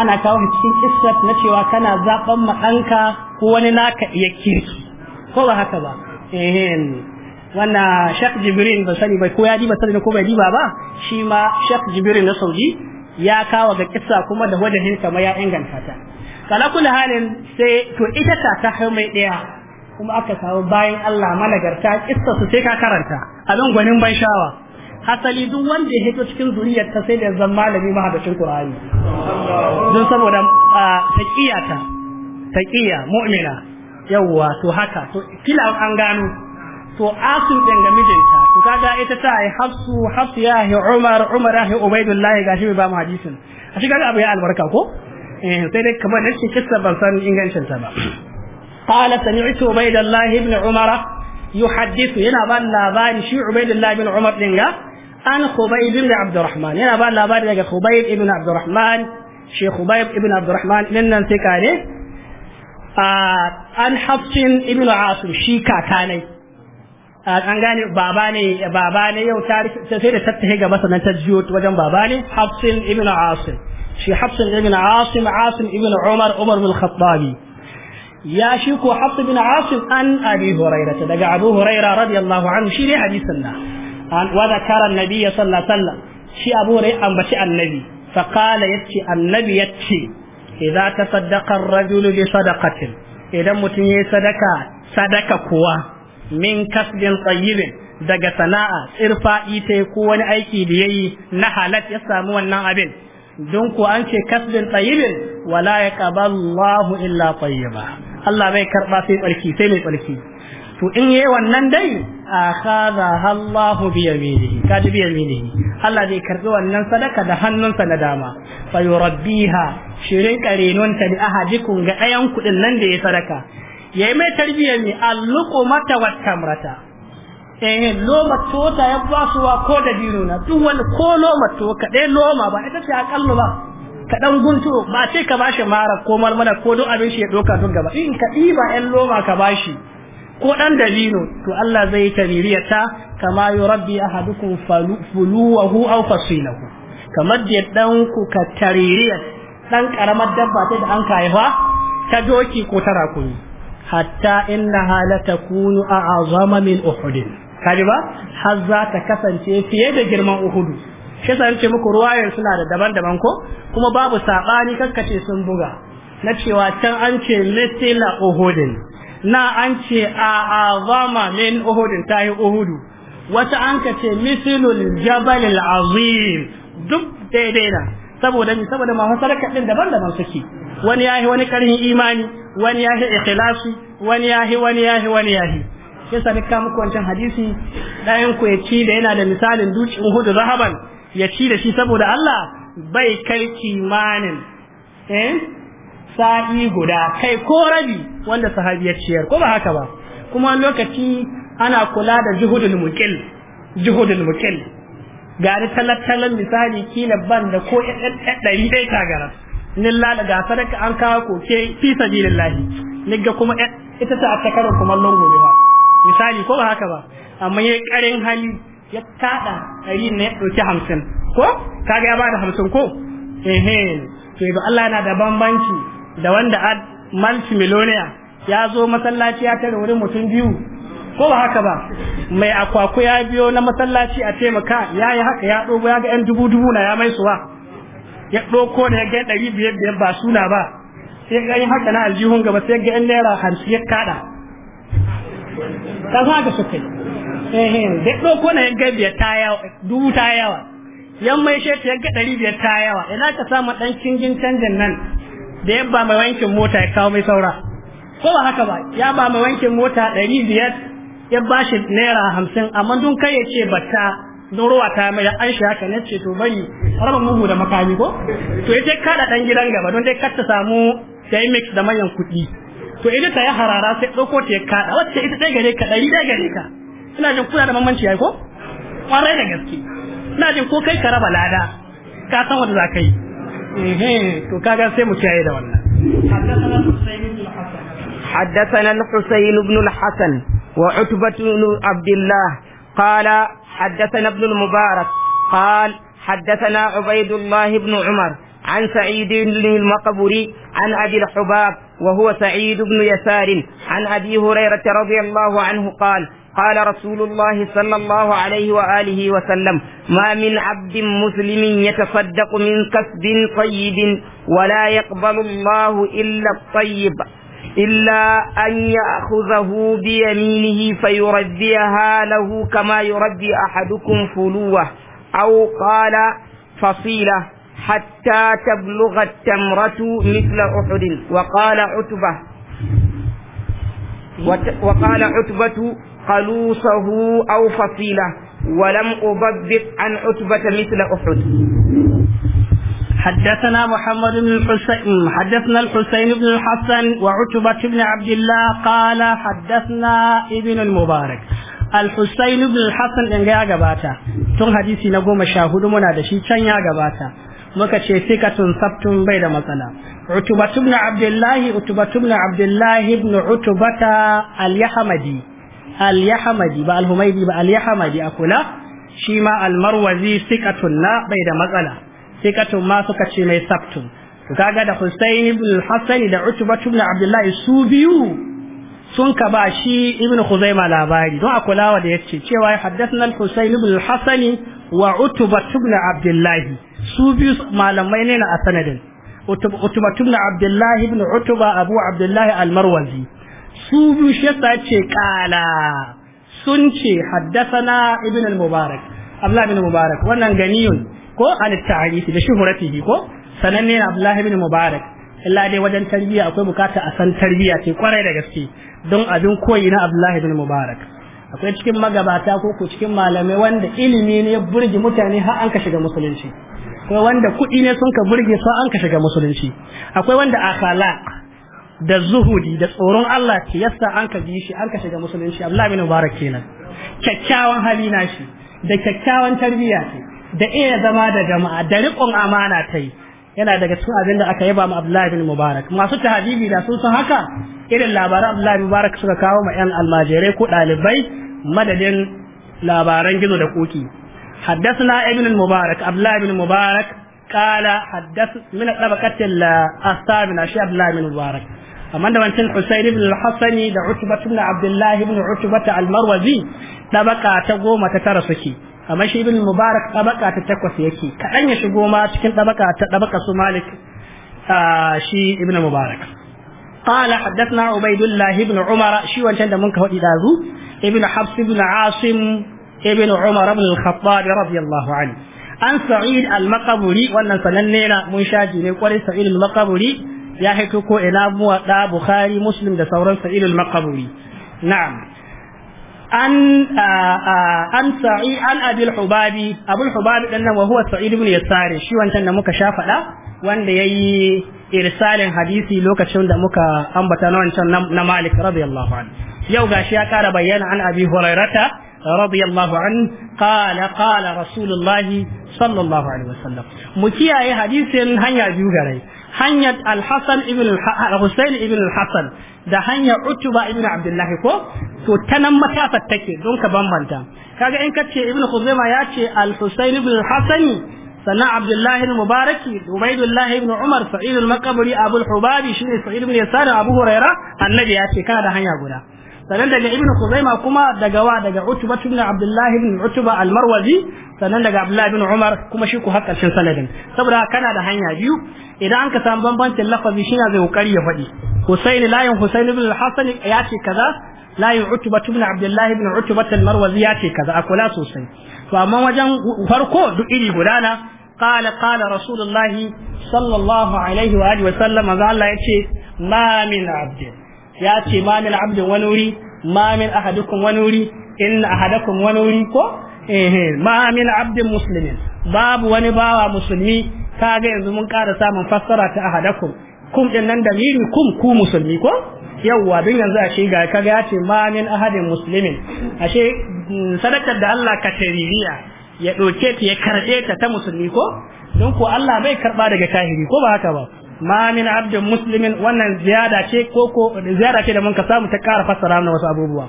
ana kawo cikin israt na cewa kana zaɓen maɗanka ko wani naka iya kirki ko ba haka ba wannan shek jibirin ba sani bai ko ya diba sani ko bai diba ba shi ma shek jibirin na saudi ya kawo ga kisa kuma da wadahin kamar ya inganta ta kalakul halin sai to ita ta ta mai daya kuma aka samu bayan Allah managarta kissa su sai ka karanta abin gwanin ban shawa hasali duk wanda ya cikin zuriyar ta sai da zan malami mahadacin Qur'ani don saboda ta taqiya mu'mina yawwa to haka to kila an gano to asin ɗin ga mijinta to kaga ita ta ai hafsu hafsiya ya umar umar ya yi ubaidullahi gashi ba mu hadisin a shi abu ya albarka ko Eh, sai dai kamar da shi kissa ban san ingancin ta ba qala sami'tu ubaydullah ibn umara yuhaddithu yana ban labari shi ubaydullah ibn umar din ga an khubayb ibn abdurrahman yana ban labari daga khubayb ibn abdurrahman shi khubayb ibn abdurrahman din nan sai kare an hafsin ibn asim shi ne an gane baba ne baba ne yau sai da tattahe ga masanan ta jiyo wajen baba ne Hafsin ibn Asim shi hafsin ibn asim asim ibn umar umar bin khattabi ya shi ko hafs bin asim an abi daga abu hurairah radiyallahu anhu shi ne hadisin na wa zakara annabi sallallahu alaihi wasallam shi abu hurairah ambaci annabi fa qala yace annabi yace idza tasaddaqa ar-rajulu bi sadaqatin idan mutum yayi sadaka sadaka kuwa min kasbin tayyibin daga sana'a irfa'i ita ko wani aiki da yayi na halat ya samu wannan abin don ku an ce kasbin tsayibin wala ya qaballahu illa tayyiba Allah bai karba sai tsarki sai mai tsarki to in yayi wannan dai akhadha Allahu bi yaminihi kaji bi yaminihi Allah bai karɓi wannan sadaka da hannunsa na dama fa yurabbiha shirin ta da ahadikun ga ɗayan kuɗin nan da ya sadaka yayi mai tarbiyyar ne alluqu mata wat tamrata eh loma tota ya ba wa ko da dino na duk wani ko loma to ka dai loma ba ita ce akallu ba ka dan guntu ba sai ka bashi mara ko malmana ko duk abin shi ya doka tun gaba in ka diba ɗan loma ka bashi ko dan dalino to Allah zai yi taniriyata kama yurabbi ahadukum fuluwahu aw fasilahu kamar da dan ku ka taririyar dan karamar dabba ta da an fa ta doki ko tara rakumi hatta innaha latakunu a'azama min uhudin kaji ba har za ta kasance fiye da girman uhudu shi sa yake muku ruwayar suna da daban-daban ko kuma babu sabani kakkace sun buga na cewa can an ce mithla uhudin na an ce a azama min uhudin ta yi uhudu wata an ka ce mithlul jabal azim duk daidai na saboda ni saboda ma fasarka din daban-daban suke wani yahi wani karhin imani wani yahi ikhlasi wani yahi wani yahi wani yahi ya sami kamuka wancan hadisi ɗayan ku ya ci da yana da misalin duci in hudu rahaban ya ci da shi saboda Allah bai kai kimanin eh sa'i guda kai ko rabi wanda sahabi ya ciyar ko ba haka ba kuma lokaci ana kula da juhudul muqil juhudul muqil gari talattalan misali kila ban da ko ɗari ɗaya tagara nilla da gasar an kawo koke fi sabilillahi nigga kuma ita ta a takarar kuma lungu ba misali ko ba haka ba amma yayi karin hali ya tada ɗari ne ya ɗauki hamsin ko kaga ya bada hamsin ko ehe to yanzu Allah yana da bambanci da wanda a multi millionaire ya zo masallaci ya tare wurin mutum biyu ko ba haka ba mai akwaku ya biyo na masallaci a taimaka ya yi haka ya dogo ya ga yan dubu dubu na ya mai suwa ya doko da ya ga ɗari biyar biyar ba suna ba sai ga yin haka na aljihun gaba sai ga yan naira 50 ya kada ka san haka suka yi eh da na yanka biyar ta yawa dubu ta yawa yan mai shefi yanka ɗari biyar ta yawa ina ka samu ɗan kingin canjin nan da ya ba mai wankin mota ya kawo mai saura ko ba haka ba ya ba mai wankin mota ɗari biyar ya ba shi naira hamsin amma dun kai ya ce bata don ruwa ta mai an shi haka ne ce to bari raba mugu da makami ko to ya ce kada ɗan gidan gaba don dai kar ta samu ta yi mix da manyan kuɗi to idan ta ya harara sai ɗauko ta ya wacce ita ɗaya gare ka ɗari ɗaya gare ka ina jin kuna da bambanci ya ko ƙwarai da gaske ina jin ko kai ka raba lada ka san wanda za ka yi to kaga sai mu kiyaye da wannan حدثنا الحسين بن الحسن وعتبة بن عبد الله قال حدثنا ابن المبارك قال حدثنا عبيد الله بن عمر عن سعيد المقبري عن أبي الحباب وهو سعيد بن يسار عن أبي هريرة رضي الله عنه قال قال رسول الله صلى الله عليه وآله وسلم ما من عبد مسلم يتصدق من كسب طيب ولا يقبل الله إلا الطيب إلا أن يأخذه بيمينه فيرديها له كما يردي أحدكم فلوه أو قال فصيلة حتى تبلغ التمرة مثل أحد وقال عتبة وقال عتبة قلوصه أو فصيلة ولم أضبط عن عتبة مثل أحد حدثنا محمد بن الحسين حدثنا الحسين بن الحسن وعتبة بن عبد الله قال حدثنا ابن المبارك الحسين بن الحسن إن جاء جباتا تون حديثي نقوم شاهد منا دشي كان جاء جباتا muka ce sikatun sabtun bai da matsala utubatu ibn abdullahi utubatu ibn abdullahi ibn utubata al-yahmadi al-yahmadi ba al-humaydi ba al-yahmadi akula shi ma al-marwazi sikatun na bai da matsala sikatun ma suka ce mai sabtun kaga da Hussein ibn al da Utbah ibn Abdullahi su biyu sun ka ba shi ibn Khuzaima labari don akulawa da yace cewa haddathna al-Hussein ibn al wa utuba ibn abdullahi su biyu malamai ne na a sanadin utuba ibn abdullahi ibn utuba abu abdullahi al-marwazi su biyu shi yasa ce kala sun ce haddasana ibn al-mubarak abdullah ibn mubarak wannan ganiyun ko an ta'arifi da shuhuratihi ko sananne na Abdullahi ibn mubarak illa dai wajen tarbiyya akwai bukata a san tarbiyya ce kwarai da gaske don abin koyi na abdullah ibn mubarak akwai cikin magabata ko ku cikin malamai wanda ilimi ne ya burge mutane har an ka shiga musulunci akwai wanda kuɗi ne sun ka burge su an ka shiga musulunci akwai wanda akala da zuhudi da tsoron Allah ke yasa an ka bi shi an ka shiga musulunci Abdullahi bin Mubarak kenan kyakkyawan hali na shi da kyakkyawan tarbiyya ce da iya zama da jama'a da riƙon amana ta yi yana daga cikin abin da aka yaba ma Abdullahi bin Mubarak masu tahdibi da sun san haka irin labaran Abdullahi Mubarak suka kawo ma yan almajirai ko ɗalibai madadin labaran gizo da koki حدثنا ابن المبارك عبد الله بن المبارك قال حدث من طبقة الأصحاب من أشياء عبد الله بن المبارك أما أنه أنت الحسين بن الحسن عتبة بن عبد الله بن عتبة المروزي طبقة تقوم تترسكي amma shi ibn mubarak tabaka ta takwas yake kaɗan ya shigo ma cikin tabaka ta tabaka su malik shi ibn mubarak قال حدثنا عبيد الله بن عمر شي وانشان من كهو دازو ابن حفص بن عاصم ابن عمر بن الخطاب رضي الله عنه an sa'id al-maqaburi wannan sananne na mun shaji ne kwarai sa'id al-maqaburi ya haito ko ina muwadda bukhari muslim da sauran sa'id al-maqaburi na'am an uh, uh, an sa'i an abil hubabi abul hubabi dan nan wa huwa sa'id ibn yasar shi wancan da muka sha fada wanda yayi irsalin hadisi lokacin da muka ambata na wancan na malik radiyallahu anhu yau gashi ya kara bayyana an abi hurairata radiyallahu anhu qala qala rasulullahi sallallahu alaihi wasallam mu kiyaye hadisin hanya biyu garai hanyar al-hasan ibn al-husayn ibn al-hasan da hanyar utuba ibn abdullahi ko to ta nan matafat take don ka bambanta kaga in ce ibn khuzaima ya ce al-husayn ibn al-hasani sannan abdullahi al-mubaraki ubaidullahi ibn umar sa'id al-maqbari abul hubabi shine sa'id ibn yasar abu huraira annabi ya ce kana da hanya guda sanan daga ibnu kuzaima kuma daga wa daga utba ibn abdullah ibn utba al-marwazi sanan daga abdullah ibn umar kuma shi ku hakkar shin sanadin saboda kana da hanya biyu idan anka ka samu bambancin lafazi shi zai kokari ya faɗi husayn layin husayn ibn al-hasan ya ce kaza layin utba ibn abdullah ibn utba al-marwazi ya ce kaza akula sosai to amma wajen farko duk iri gudana قال قال رسول الله صلى الله عليه وآله وسلم قال الله ما من عبد ya ce ma min abdin wani wuri ma min ahadukum wani in ahadukum wani ko eh ma min abdin muslimin babu wani bawa musulmi kaga yanzu mun ƙara samun fassara ta ahadukum kum din nan da miri kum ku musulmi ko yawwa din yanzu ashe ga kaga ya ce ma min ahadin muslimin ashe mm, sadakar da Allah ka taririya ya ɗauke ta ya karɓe ta ta musulmi ko don ko Allah bai karɓa daga kahiri ko ba haka ba ma min abdin muslimin wannan ziyada ce ko ko ziyada ce da mun ka samu ta ƙara fassara na wasu abubuwa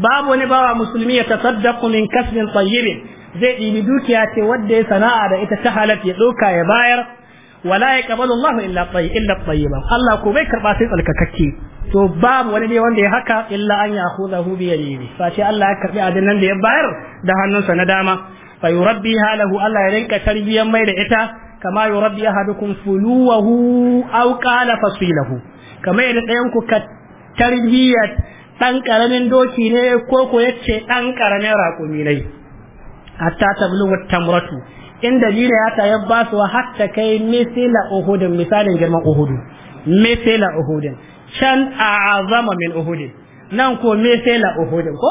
babu wani bawa musulmi ya tasaddaqu min kasbin tayyibin zai ɗibi dukiya ce wanda ya sana'a da ita ta halat ya ɗauka ya bayar wala ya qabalu Allahu illa tayyib illa tayyiban Allah ko bai karba sai tsalkakakke to babu wani dai wanda ya haka illa an ya'khudahu bi yamini fa ce Allah ya karbi adin nan da ya bayar da hannunsa na dama fa yurabbiha lahu Allah ya rinka tarbiyan mai da ita kama yurabbi ahadukum fuluwahu aw qala fasilahu kama da ɗayan ku ka tarbiyyat ɗan ƙaramin doki ne ko ko ɗan dan karamin raƙumi ne hatta tablugu tamratu in jina ya ta yabba su hatta kai misila uhudin misalin girman uhudu misila uhudin can a'azama min uhudin nan ko misila uhudin ko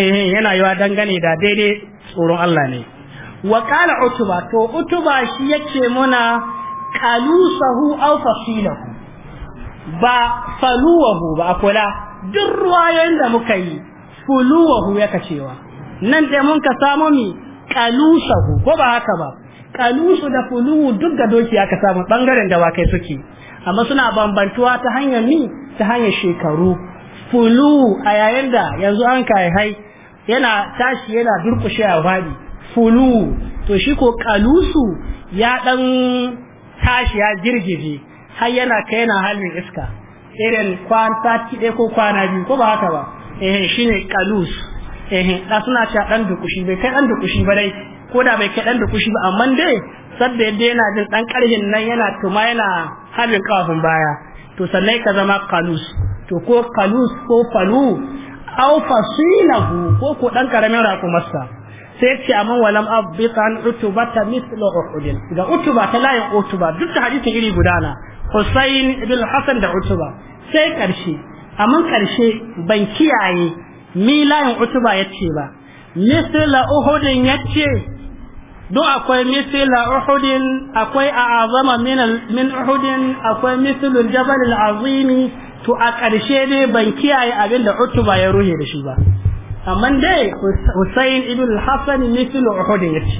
eh yana yawa dangane da daidai tsoron Allah ne wa qala utuba to utuba shi yake muna qalusahu aw fasilahu ba faluwahu ba kula duk ruwayoyin da muka yi fuluwahu yaka cewa nan dai mun ka samu mi qalusahu ko ba haka ba Ƙalusu da fuluwu duk da doki aka samu bangaren da wakai suke amma suna bambantuwa ta hanyar ni ta hanyar shekaru fulu a yayin da yanzu an kai hai yana tashi yana durkushe a fadi fulu to shi ko kalusu ya dan tashi ya girgije har yana kai na halin iska irin kwanta ɗaya ko kwana biyu ko ba haka ba eh ne kalus eh da suna cewa dan dukushi bai kai dan dukushi ba dai ko da bai kai dan dukushi ba amma dai sabda yadda yana jin dan karhin nan yana tuma yana halin kafin baya to sannan ka zama kalus to ko kalus ko falu aw fasilahu ko ko dan karamin rakumarsa sai ce amma walam abbika an ta mithlu uhudin ga utuba ta layin utuba duk da hadisin iri gudana Hussein ibn Hassan da utuba sai karshe amma karshe ban kiyaye mi layin utuba yace ba mithla uhudin yace do akwai mithla uhudin akwai a'azama min min uhudin akwai mithlu jabal al-azimi to a karshe dai ban kiyaye abinda utuba ya ruhe da shi ba amma dai Hussein ibn Hassan mithl Uhud yace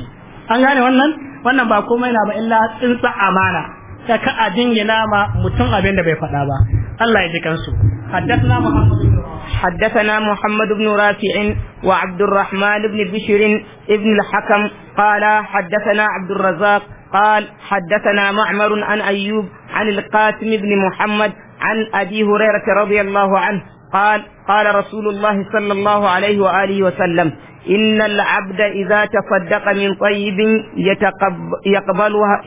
an gane wannan wannan ba komai na ba illa tsinsa amana ta ka adin yana ma mutum abin da bai fada ba Allah ya ji kansu haddathana Muhammad haddathana Muhammad ibn Rafi' wa Abd Rahman ibn Bishr ibn al-Hakam qala haddathana Abd razzaq قال حدثنا معمر عن أيوب عن القاسم بن محمد عن أبي هريرة رضي الله قال قال رسول الله صلى الله عليه وآله وسلم إن العبد إذا تصدق من طيب يتقب يقبلها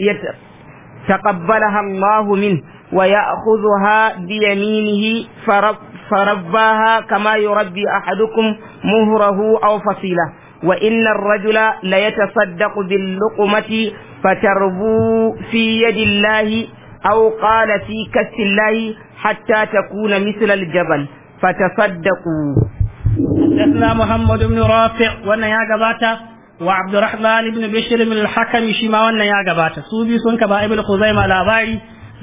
يتقبلها الله منه ويأخذها بيمينه فرب فرباها كما يربي أحدكم مهره أو فصيلة وإن الرجل ليتصدق باللقمة فتربو في يد الله أو قال في كس الله حتى تكون مثل الجبل فتصدقوا wannan ya gabata wa وانا يا جباتا وعبد الرحمن بن بشر من الحكم شيما وانا يا جباتا سوبي سون كبا ابن خزيمة labari.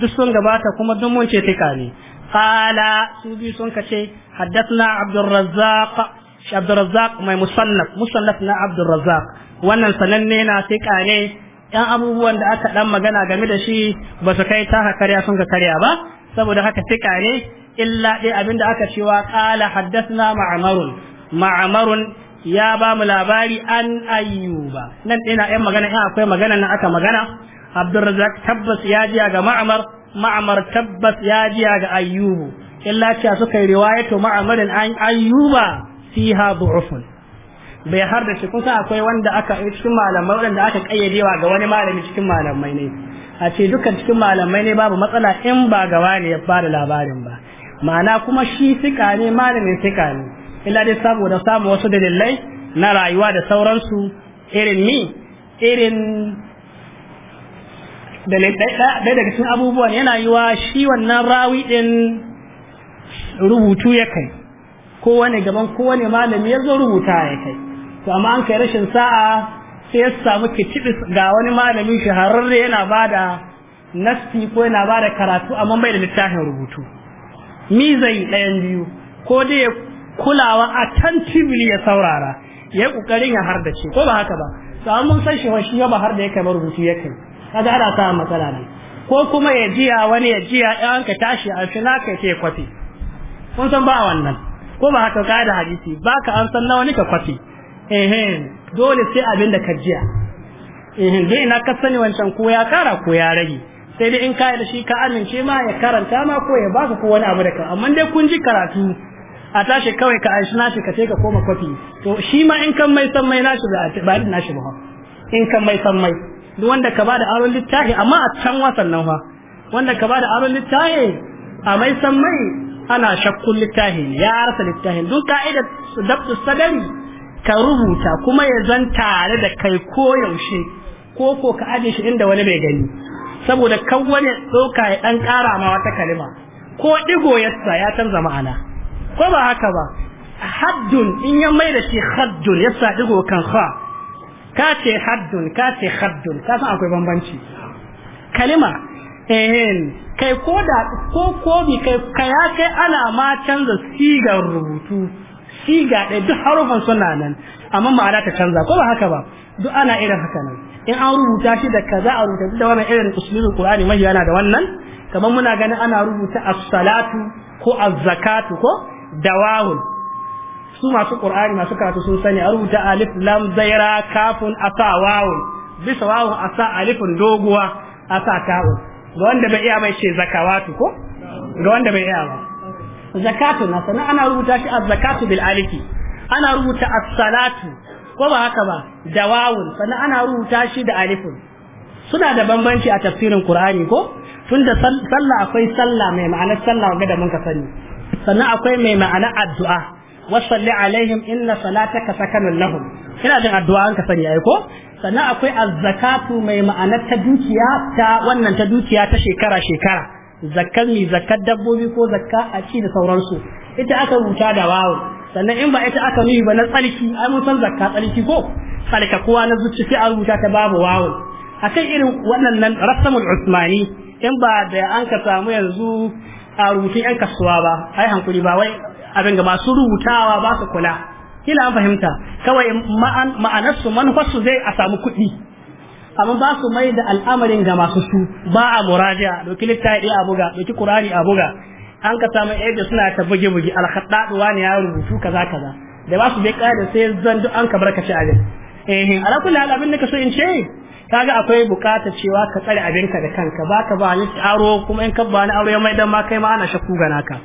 duk sun gabata kuma duk mun ce tika ne qala su biyu sun kace haddathna abdurrazzaq abdurrazzaq mai musannaf musannaf na abdurrazzaq wannan sananne na tika ne yan abubuwan da aka dan magana game da shi ba su kai ta karya sun ga karya ba saboda haka tika ne illa dai abinda aka cewa qala haddathna ma'marun ma'marun ya ba mu labari an ayyuba nan dai na yan magana in akwai magana nan aka magana Abdulrazak tabbas ya jiya ga ma'mar ma'mar tabbas ya jiya ga ayyubu illa cewa suka yi riwayatu ma'marin an ayyuba fiha du'ufun bai har da shi kun akwai wanda aka cikin malamai wanda aka kayyadewa ga wani malami cikin malamai ne a ce dukkan cikin malamai ne babu matsala in ba gawa ne ya bada labarin ba ma'ana kuma shi sika ne malamin sika ne illa dai saboda samu wasu dalilai na rayuwa da sauransu irin ni irin ɗaya daga cikin abubuwan yana yi wa shi wannan rawi ɗin rubutu ya kai kowane gaban kowane malami ya zo rubuta ya kai to amma an kai rashin sa'a sai ya samu kicibis ga wani malamin shahararre yana ba da nasti ko yana ba da karatu amma bai da littafin rubutu mi zai ɗayan biyu ko dai ya kulawa attentively ya saurara ya yi ƙoƙarin ya har da ce ko ba haka ba to an mun san shi wa shi ba har da ya kai rubutu ya kai kaga ana samun matsala ne ko kuma ya jiya wani ya jiya an ka tashi a shi naka ke kwafi kun san ba wannan ko ba haka kaida hadisi ka an san nawa ne ka kwafi dole sai abin da ka jiya eh dai na ka sani wancan ko ya kara ko ya rage sai dai in ka da shi ka amince ma ya karanta ma ko ya baka ko wani abu da ka amma dai kun ji karatu a tashi kawai ka aishi nashi ka sai ka koma kwafi to shi ma in kan mai san mai nashi ba ba nashi ba in kan mai san mai duk wanda ka bada aron littafi amma a can wasan nan fa wanda ka bada aron littafi a mai san mai ana shakkun littafi ne ya rasa littafi duk ka'ida dabtu sadari ka rubuta kuma ya zan tare da kai ko yaushe ko ko ka aje shi inda wani bai gani saboda wani tsoka ya dan ƙara ma wata kalima ko digo ya sa ya canza ma'ana ko ba haka ba haddun in ya mai da shi haddun ya sa digo kan kha ka ce haddun ka ce haddun ka san akwai bambanci kalima eh kai ko da ko ko bi kai kaya kai ana ma canza sigar rubutu siga ɗaya duk harufan suna nan amma ma'ana ta canza ko ba haka ba duk ana irin haka nan in an rubuta shi da kaza a rubuta da wannan irin usulul qur'ani mai yana da wannan kamar muna gani ana rubuta as-salatu ko az-zakatu ko dawawun su masu qur'ani masu karatu sun sani a rubuta alif lam zaira kafun asa wawun bisa wawun asa alifun doguwa asa kawo ga wanda bai iya mai ce zakawatu ko ga wanda bai iya ba zakatu na sanan ana rubuta shi az-zakatu bil alifi ana rubuta as-salatu ko ba haka ba da wawun sannan ana rubuta shi da alifun suna da bambanci a tafsirin Qur'ani ko tunda sallah akwai sallah mai ma'anar sallah ga da mun ka sani sannan akwai mai ma'anar addu'a salli alaihim inna salataka sakanun lahum ina jin addu'a an ka sani ai ko sannan akwai azzakatu mai ma'anar ta dukiya ta wannan ta dukiya ta shekara shekara zakkar mi zakkar dabbobi ko zakka a ci da sauransu ita aka rubuta da wawun. sannan in ba ita aka nuhi ba na tsarki ai mun san zakka tsarki ko tsarka kuwa na zuci sai a rubuta ta babu A akan irin waɗannan rasamul usmani in ba da an ka samu yanzu a rubutun yan kasuwa ba ai hankuri ba wai abin ga masu rubutawa ba su kula kila an fahimta kawai ma'anarsu manufarsu zai a samu kuɗi amma ba su mai da al'amarin ga masu su ba a muraja doki littafi a buga doki kurari a buga an ka samu yadda suna ta buge buge alhaddadu wani ya rubutu kaza kaza da ba su bai kada sai zan duk an ka barkace abin eh ala kulli abin da kaso in ce kaga akwai bukatar cewa ka tsare abin ka da kanka baka ba ni aro kuma in ka ba ni aro mai dan ma kai ma ana shakku ga naka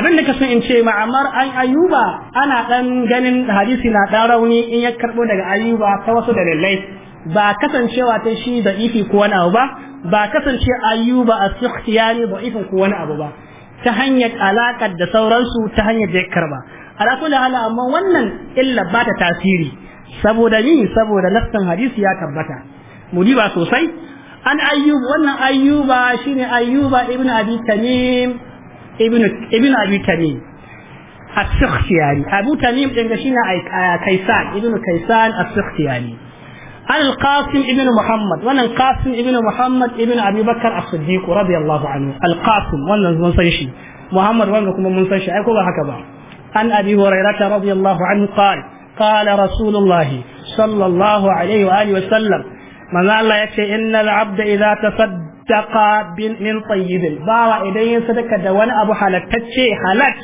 abin da kaso in ce ma'amar an ayuba ana dan ganin hadisi na dan rauni in ya karbo daga ayuba ta wasu dalilai ba kasancewa ta shi da ifi ko wani abu ba ba kasance ayuba a sukhtiyani ba ifin ko wani abu ba ta hanyar alaƙar da sauransu ta hanyar da ya karba ala kulli hala amma wannan illa ba ta tasiri saboda ni saboda nassan hadisi ya tabbata mudiba sosai an ayyub wannan ayyuba shine ayyuba ibnu abi tamim ibnu ibnu abi tamim as-sakhtiyani abu tamim din ga shine kaisan ibnu kaisan as-sakhtiyani عن القاسم ابن محمد وانا القاسم ابن محمد ابن ابي بكر الصديق رضي الله عنه القاسم وانا من سيشي محمد وانا كما من سيشي اكو هكذا عن ابي هريره رضي الله عنه قال قال رسول الله صلى الله عليه واله وسلم من الله يكفي ان العبد اذا تصدق من طيب باوا اذا صدق ده وانا ابو حلتacce halat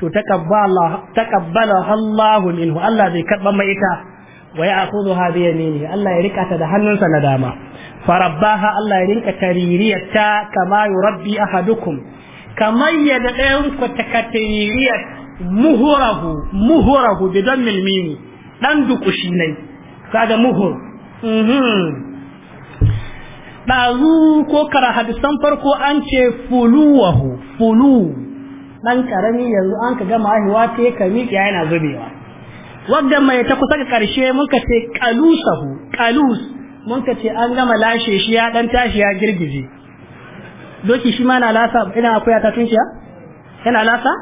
to takabbala takabbala Allahu minhu Allah zai karba mai ita wa ya'khudha bi yaminihi Allah ya rika ta da hannunsa na dama farabbaha Allah ya rinka taririyarta kama yurabbi ahadukum ya da ɗayan ku ta taririyar muhurahu muhurahu bi dammil dan dukushi ne kaga muhur mhm. ɗazu ko kara hadisan farko an ce fuluwahu fulu dan karami yanzu an ka gama haihuwa ce ka miƙe yana zubewa wadda mai ta kusa ga karshe muka ce qalusahu kalus muka ce an gama lashe shi ya dan tashi ya girgije doki shi ma na lasa ina akwai ta tunciya yana lasa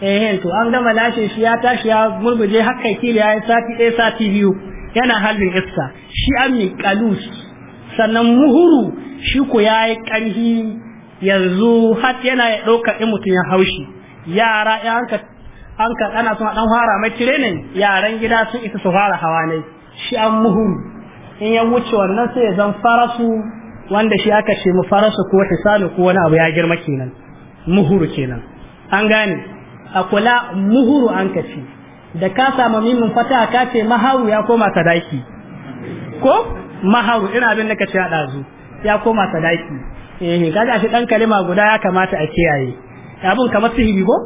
eh to an gama lashe shi ya tashi ya murmuje kai kila ya sati ɗaya sati biyu yana halin iska shi an mi kalus sannan muhuru shi ko yayi kanhi yanzu har yana ya in mutum ya haushi yara ya an ka ana son dan fara mai training yaran gida sun isa su fara hawa ne shi an muhuru in ya wuce wannan sai ya zan su wanda shi aka ce mu fara su ko hisalu ko wani abu ya girma kenan muhuru kenan an gane a kula muhuru an ka da ka samu mimin fata ka ce maharu ya koma sadaki ko maharu ina abin da ka ce a dazu ya koma sadaki eh ga shi dan kalima guda ya kamata a kiyaye abun kamar sihiri ko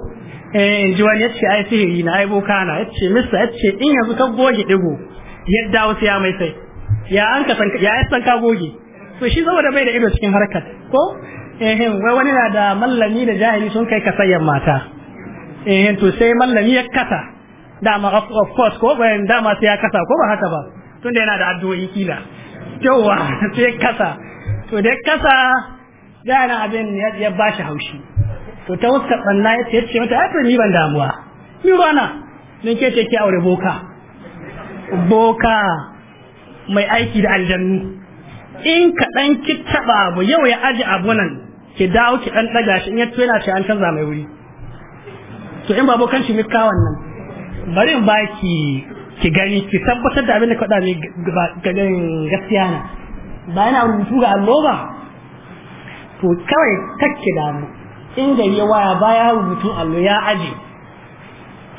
Eh, in ji wani yace ai sihiri na ai boka na yace mista yace in yanzu ka goge digo yadda wasu ya mai sai ya an ka san ya san ka goge to shi saboda bai da ido cikin harkar ko eh wai wani na da mallami da jahili sun kai kasayyan mata eh to sai mallami ya kasa dama of course ko bayan dama sai ya kasa ko ba haka ba tunda yana da addu'o'i kila yawa [LAUGHS] sai kasa to da kasa da yana abin ya bashi haushi to ta wasu banna ya ce mata ai ni ban damuwa ni rana nan ke ce ki aure boka boka mai aiki da aljannu in ka dan ki taba abu yau ya aji abu nan ki dawo ki dan daga shi in yace yana ce an canza mai wuri to in babo kan shi mi kawan bari in baki ki gani ki tabbatar da abin da faɗa ne ganin gaskiya na ba yana rubutu ga allo ba to kawai kakki damu in gari ya waya baya rubutun allo ya aje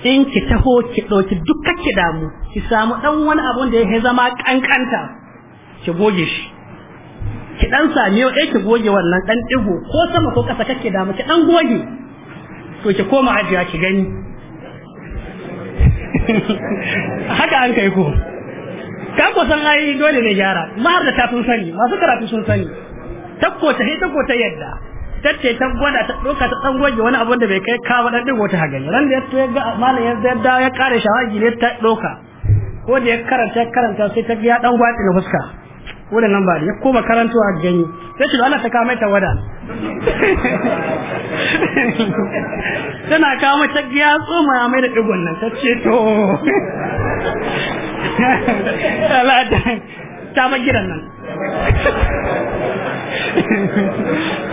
in ki taho ki ɗauki duka ki damu ki samu ɗan wani abun da ya zama ƙanƙanta ki goge shi ki ɗan sami ɗaya ki goge wannan ɗan ɗigo ko sama ko ƙasa kake damu ki ɗan goge to ki koma ajiya ki gani [LAUGHS] haka an kai ko kan ko san ai dole ne gyara mahar da ta sun sani masu karatu sun sani takko ta hita ko ta yadda tace ta gwada ta doka ta dan goge wani abun da bai kai ka wadan din wata hagani ran da ya to ga malam yanzu ya dawo ya kare shawagi ne ta doka ko da ya karanta ya karanta sai ta ya dan gwati na fuska da nan ba ya koma karanto a gani sai shi Allah ta kawo mai tawada [LAUGHS] tana kawo mai tagiya tsoma mai da ɗigon nan ta ce to [LAUGHS] ta ba gidan nan [LAUGHS]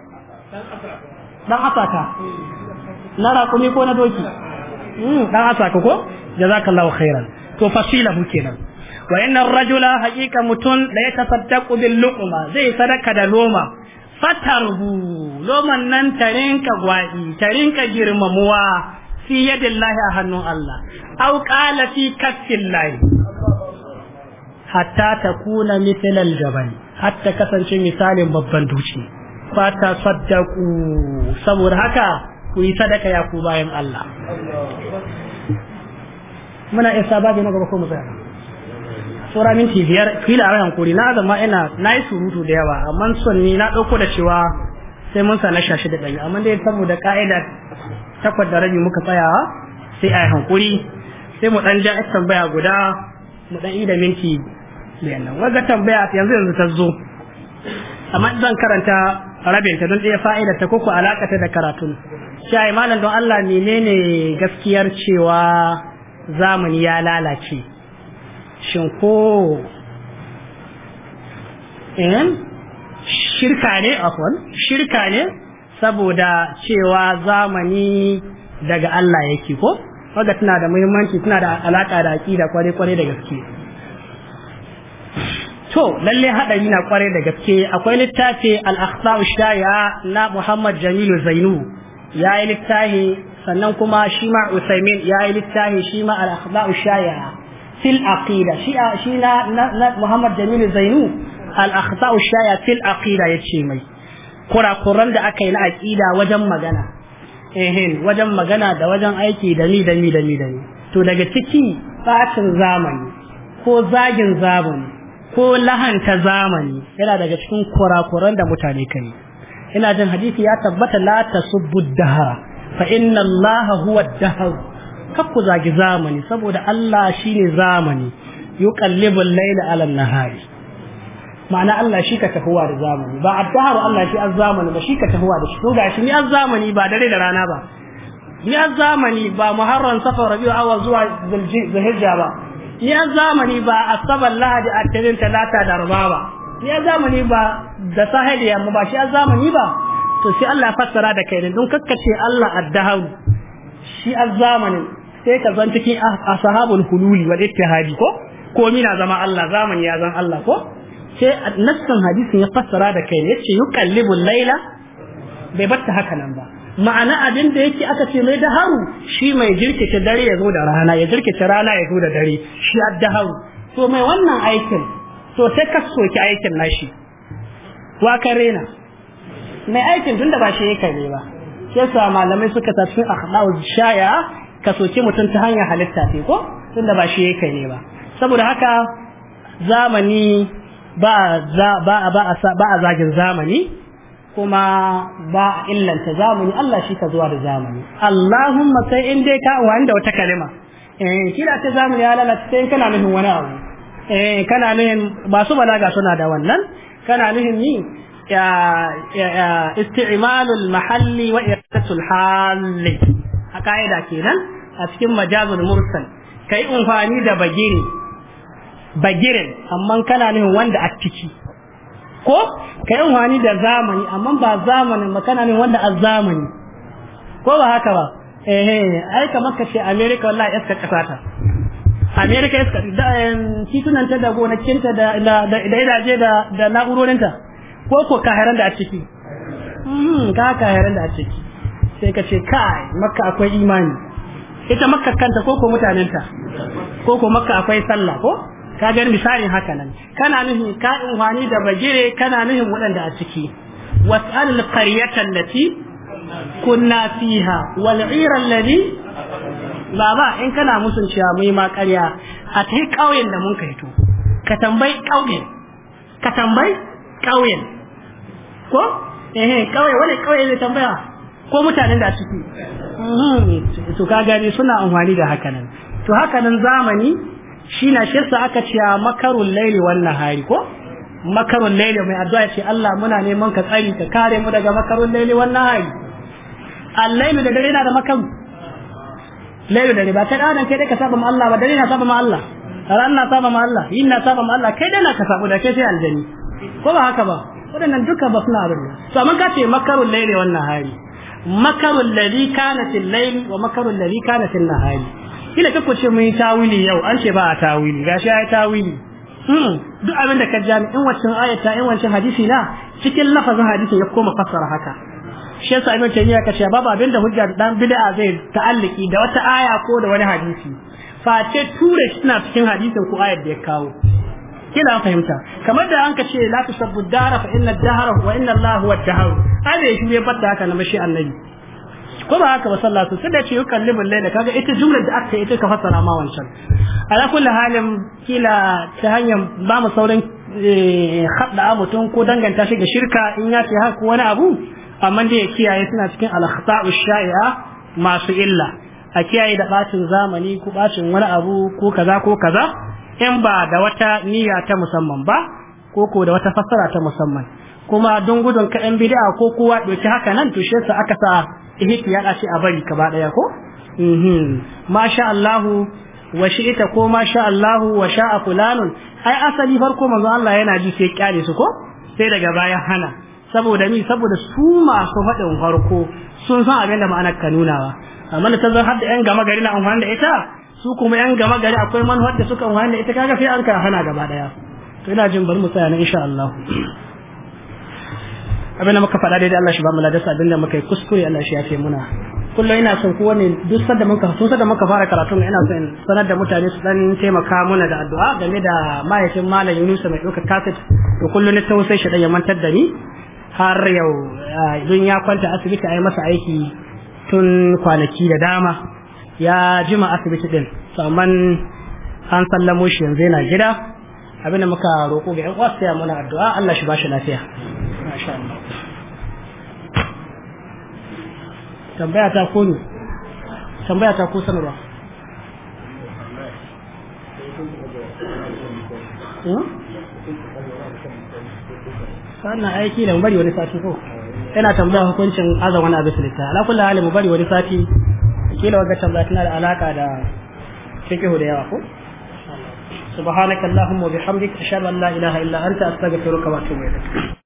Ɗan asaka na raƙumi ko na doki Ɗan hmm, asaka ko jazakallahu khairan to fasila mu kenan wa inna rajula haqiqa mutun la yatasaddaqu bil luqma zai sadaka da loma fatarhu loman nan tarinka ta tarinka girmamuwa fi yadillahi a hannun Allah aw qala fi ta hatta takuna mithlal jabal hatta kasance misalin babban duci fata saddaku saboda haka ku yi sadaka ya ku bayan Allah muna isa babu na gaba ko mu tsaya minti biyar kila a hankuri na zama ina na yi surutu da yawa amma son ni na ɗauko da cewa sai mun sana shashi da ɗari amma dai saboda ka'ida takwas da rabi muka tsaya sai a yi hankuri sai mu ɗan ja tambaya guda mu ɗan yi da minti bayan nan tambaya yanzu yanzu ta zo amma zan karanta rabinta don ɗaya fa'ida ta koko ta da karatun shi malam don Allah menene gaskiyar cewa zamani ya lalace shin ko eh, shirka ne afon shirka ne saboda cewa zamani daga Allah yake ko wadda tana da muhimmanci tana da alaƙa da aƙida kwarai-kwarai da gaske to lalle haɗari na kware da gaske akwai littafi al-akhsa na Muhammad Jamilu Zainu ya yi littafi sannan kuma shi ma Usaimin yi littafi shi ma al-akhsa fil aqida shi na, Muhammad Jamilu Zainu al-akhsa shaya fil aqida ce mai kurakuran da aka yi na aqida wajen magana ehin wajen magana da wajen aiki da ni da ni da ni da ni to daga ciki bacin zamani ko zagin zamani ko lahanta zamani yana daga cikin kurakuran da mutane kai ina jin hadisi ya tabbata la tasubbu dahara fa inna allaha huwa dahar kakku zagi zamani saboda Allah shine zamani yuqallibul layla ala nahari ma'ana Allah shi ka tahuwa da zamani ba addahar Allah shi az-zamani ba shi ka tahuwa da shi to gashi ni az-zamani ba dare da rana ba ni az-zamani ba muharram safar rabi'u awal zuwa zulhijja ba ni a zamani ba asabar lahadi asirin talata da arba ba ni an zamani ba da sahel yamma ba shi a zamani ba to sai Allah ya fassara da kai don kakkace Allah addahu shi a zamani sai ka zan cikin ah, ashabul hululi wal ittihadi ko ko mina zama Allah zamani ya zan Allah ko sai nassan hadisin ya fassara da kai ne yace yuqallibul laila bai batta haka nan ba ma'ana abin da yake aka ce mai daharu shi mai jirkice dare ya zo da rana ya jirkice rana ya zo da dare shi daharu to mai wannan aikin to sai ka soki aikin nashi wa kare na mai aikin tunda ba shi yake ne ba sai su malamai suka ta cikin akhlaqu shaya ka soki mutum ta hanyar halitta ce ko tunda ba shi yake ne ba saboda haka zamani ba ba ba a zagin zamani kuma ba a illanta zamani Allah shi ka zuwa da zamani Allahumma sai in dai ka wani da wata kalima eh kila ta zamani ya lalata sai kana nufin wani abu eh kana nufin masu balaga suna da wannan kana nufin ni ya isti'malul mahalli wa iradatul halli a kaida kenan a cikin majazul mursal kai umfani da bagirin. bagirin amma kana nufin wanda a ciki ko ka yi wani da zamani amma ba zamanin ba ne wanda a zamani ko ba haka ba eh ai kamar ka ce America wallahi iska kasata America iska da titunan ta da gonakin ta da da idaje da da na'urorin ta ko ko hairan da a ciki mm ka hairan da a ciki sai ka ce kai makka akwai imani ita makka kanta ko ko mutanen ta ko ko makka akwai sallah ko ka ga misalin haka nan kana nufin ka in da bagire kana nufin waɗanda a ciki was'al qaryatan lati kunna fiha wal 'ira alladhi baba in kana musun cewa mu ma ƙarya a kai ƙauyen da mun kai to ka tambayi ƙauyen ka tambayi ƙauyen ko eh ƙauye wani ƙauye ne tambaya ko mutanen da ciki uhm, to ka gani suna amfani da hakanan to hakanan zamani shi na shirsa aka ce makarun laili wannan hari ko makarun laili mai addu'a ce Allah muna neman ka tsari ka kare mu daga makarun laili wannan hari allailu da dare na da makaru lailu da riba kai dan kai dai ka saba ma Allah ba dare na saba ma Allah ran na saba ma Allah yin na saba ma Allah kai dai na ka saba da kai sai aljani ko ba haka ba wadannan duka ba suna abin to amma ka ce makarun laili wannan hari makarun ladhi kana fil layl wa makarun ladhi kana fil nahari kila ka kuce mun yi tawili yau an ce ba a tawili gashi ya tawili hmm, duk abin da ka jami in wancan ayata in wancan hadisi na cikin lafazin hadisin ya koma fassara haka shi yasa ibn taymiya ka ce babu abin da hujja dan bid'a zai ta'alliki da wata aya ko da wani hadisi ce ture shi cikin hadisin ko ayar da ya kawo kina fahimta kamar da an ka ce la tusabbu dara fa inna dahara wa inna allahu huwa dahar ai da shi ya fadda haka na mashi annabi ko ba haka ba su sai da ce yukallimul layla kaga ita jumlar da aka ita ka fassara ma wancan ala kulli halin kila ta hanyar ba mu saurin eh, hadda mutum ko danganta shi ga shirka in ya ce haka wani abu amma da ya kiyaye suna cikin al-khata'u shai'a masu illa a kiyaye da bacin zamani ko bacin wani abu ko kaza ko kaza in ba da wata niyya ta musamman ba ko ko da wata fassara ta musamman kuma don gudun ka yan bid'a ko kowa doki haka nan to shi aka sa ihtiyar yaɗa ce a bari gaba daya ko mhm. masha allahu wa ita ko masha allahu wa sha'a fulanun ai asali farko manzo Allah yana ji sai kyale su ko sai daga baya hana saboda mi saboda su masu faɗin farko sun san abin da ma'anar ka nunawa amma da ta zan hadda yan gama gari na amfani da ita su kuma yan gama gari akwai manufar da suka amfani da ita kaga sai an ka hana gaba daya to ina jin bari mu tsaya na insha Allah abin da muka faɗa daidai Allah shi ba mu ladarsa abin da muka yi kuskure Allah shi ya ce muna kullum ina son ku wani duk sanda muka so sanda muka fara karatu ina son sanar da mutane su dan taimaka muna da addu'a game da mahaifin malam Yunus mai ɗaukar kafet. to kullum ne tausai shi dan ya mantar da ni har yau idan ya kwanta asibiti a yi masa aiki tun kwanaki da dama ya jima asibiti din amma an sallamo shi yanzu yana gida abinda muka roƙo ga 'yan uwa sai muna addu'a Allah shi ba shi lafiya masha Allah tambaya ta ko ne tambaya ta ko sanarwa hmm? sana aiki da mu bari wani sati ko yana tambaya hukuncin azan wani abu sulita alakula kullu hali bari wani sati kila wagga tambaya tana da alaka da fiqh da yawa ko subhanakallahumma wa bihamdika ashhadu an la ilaha illa anta astaghfiruka wa atubu ilaik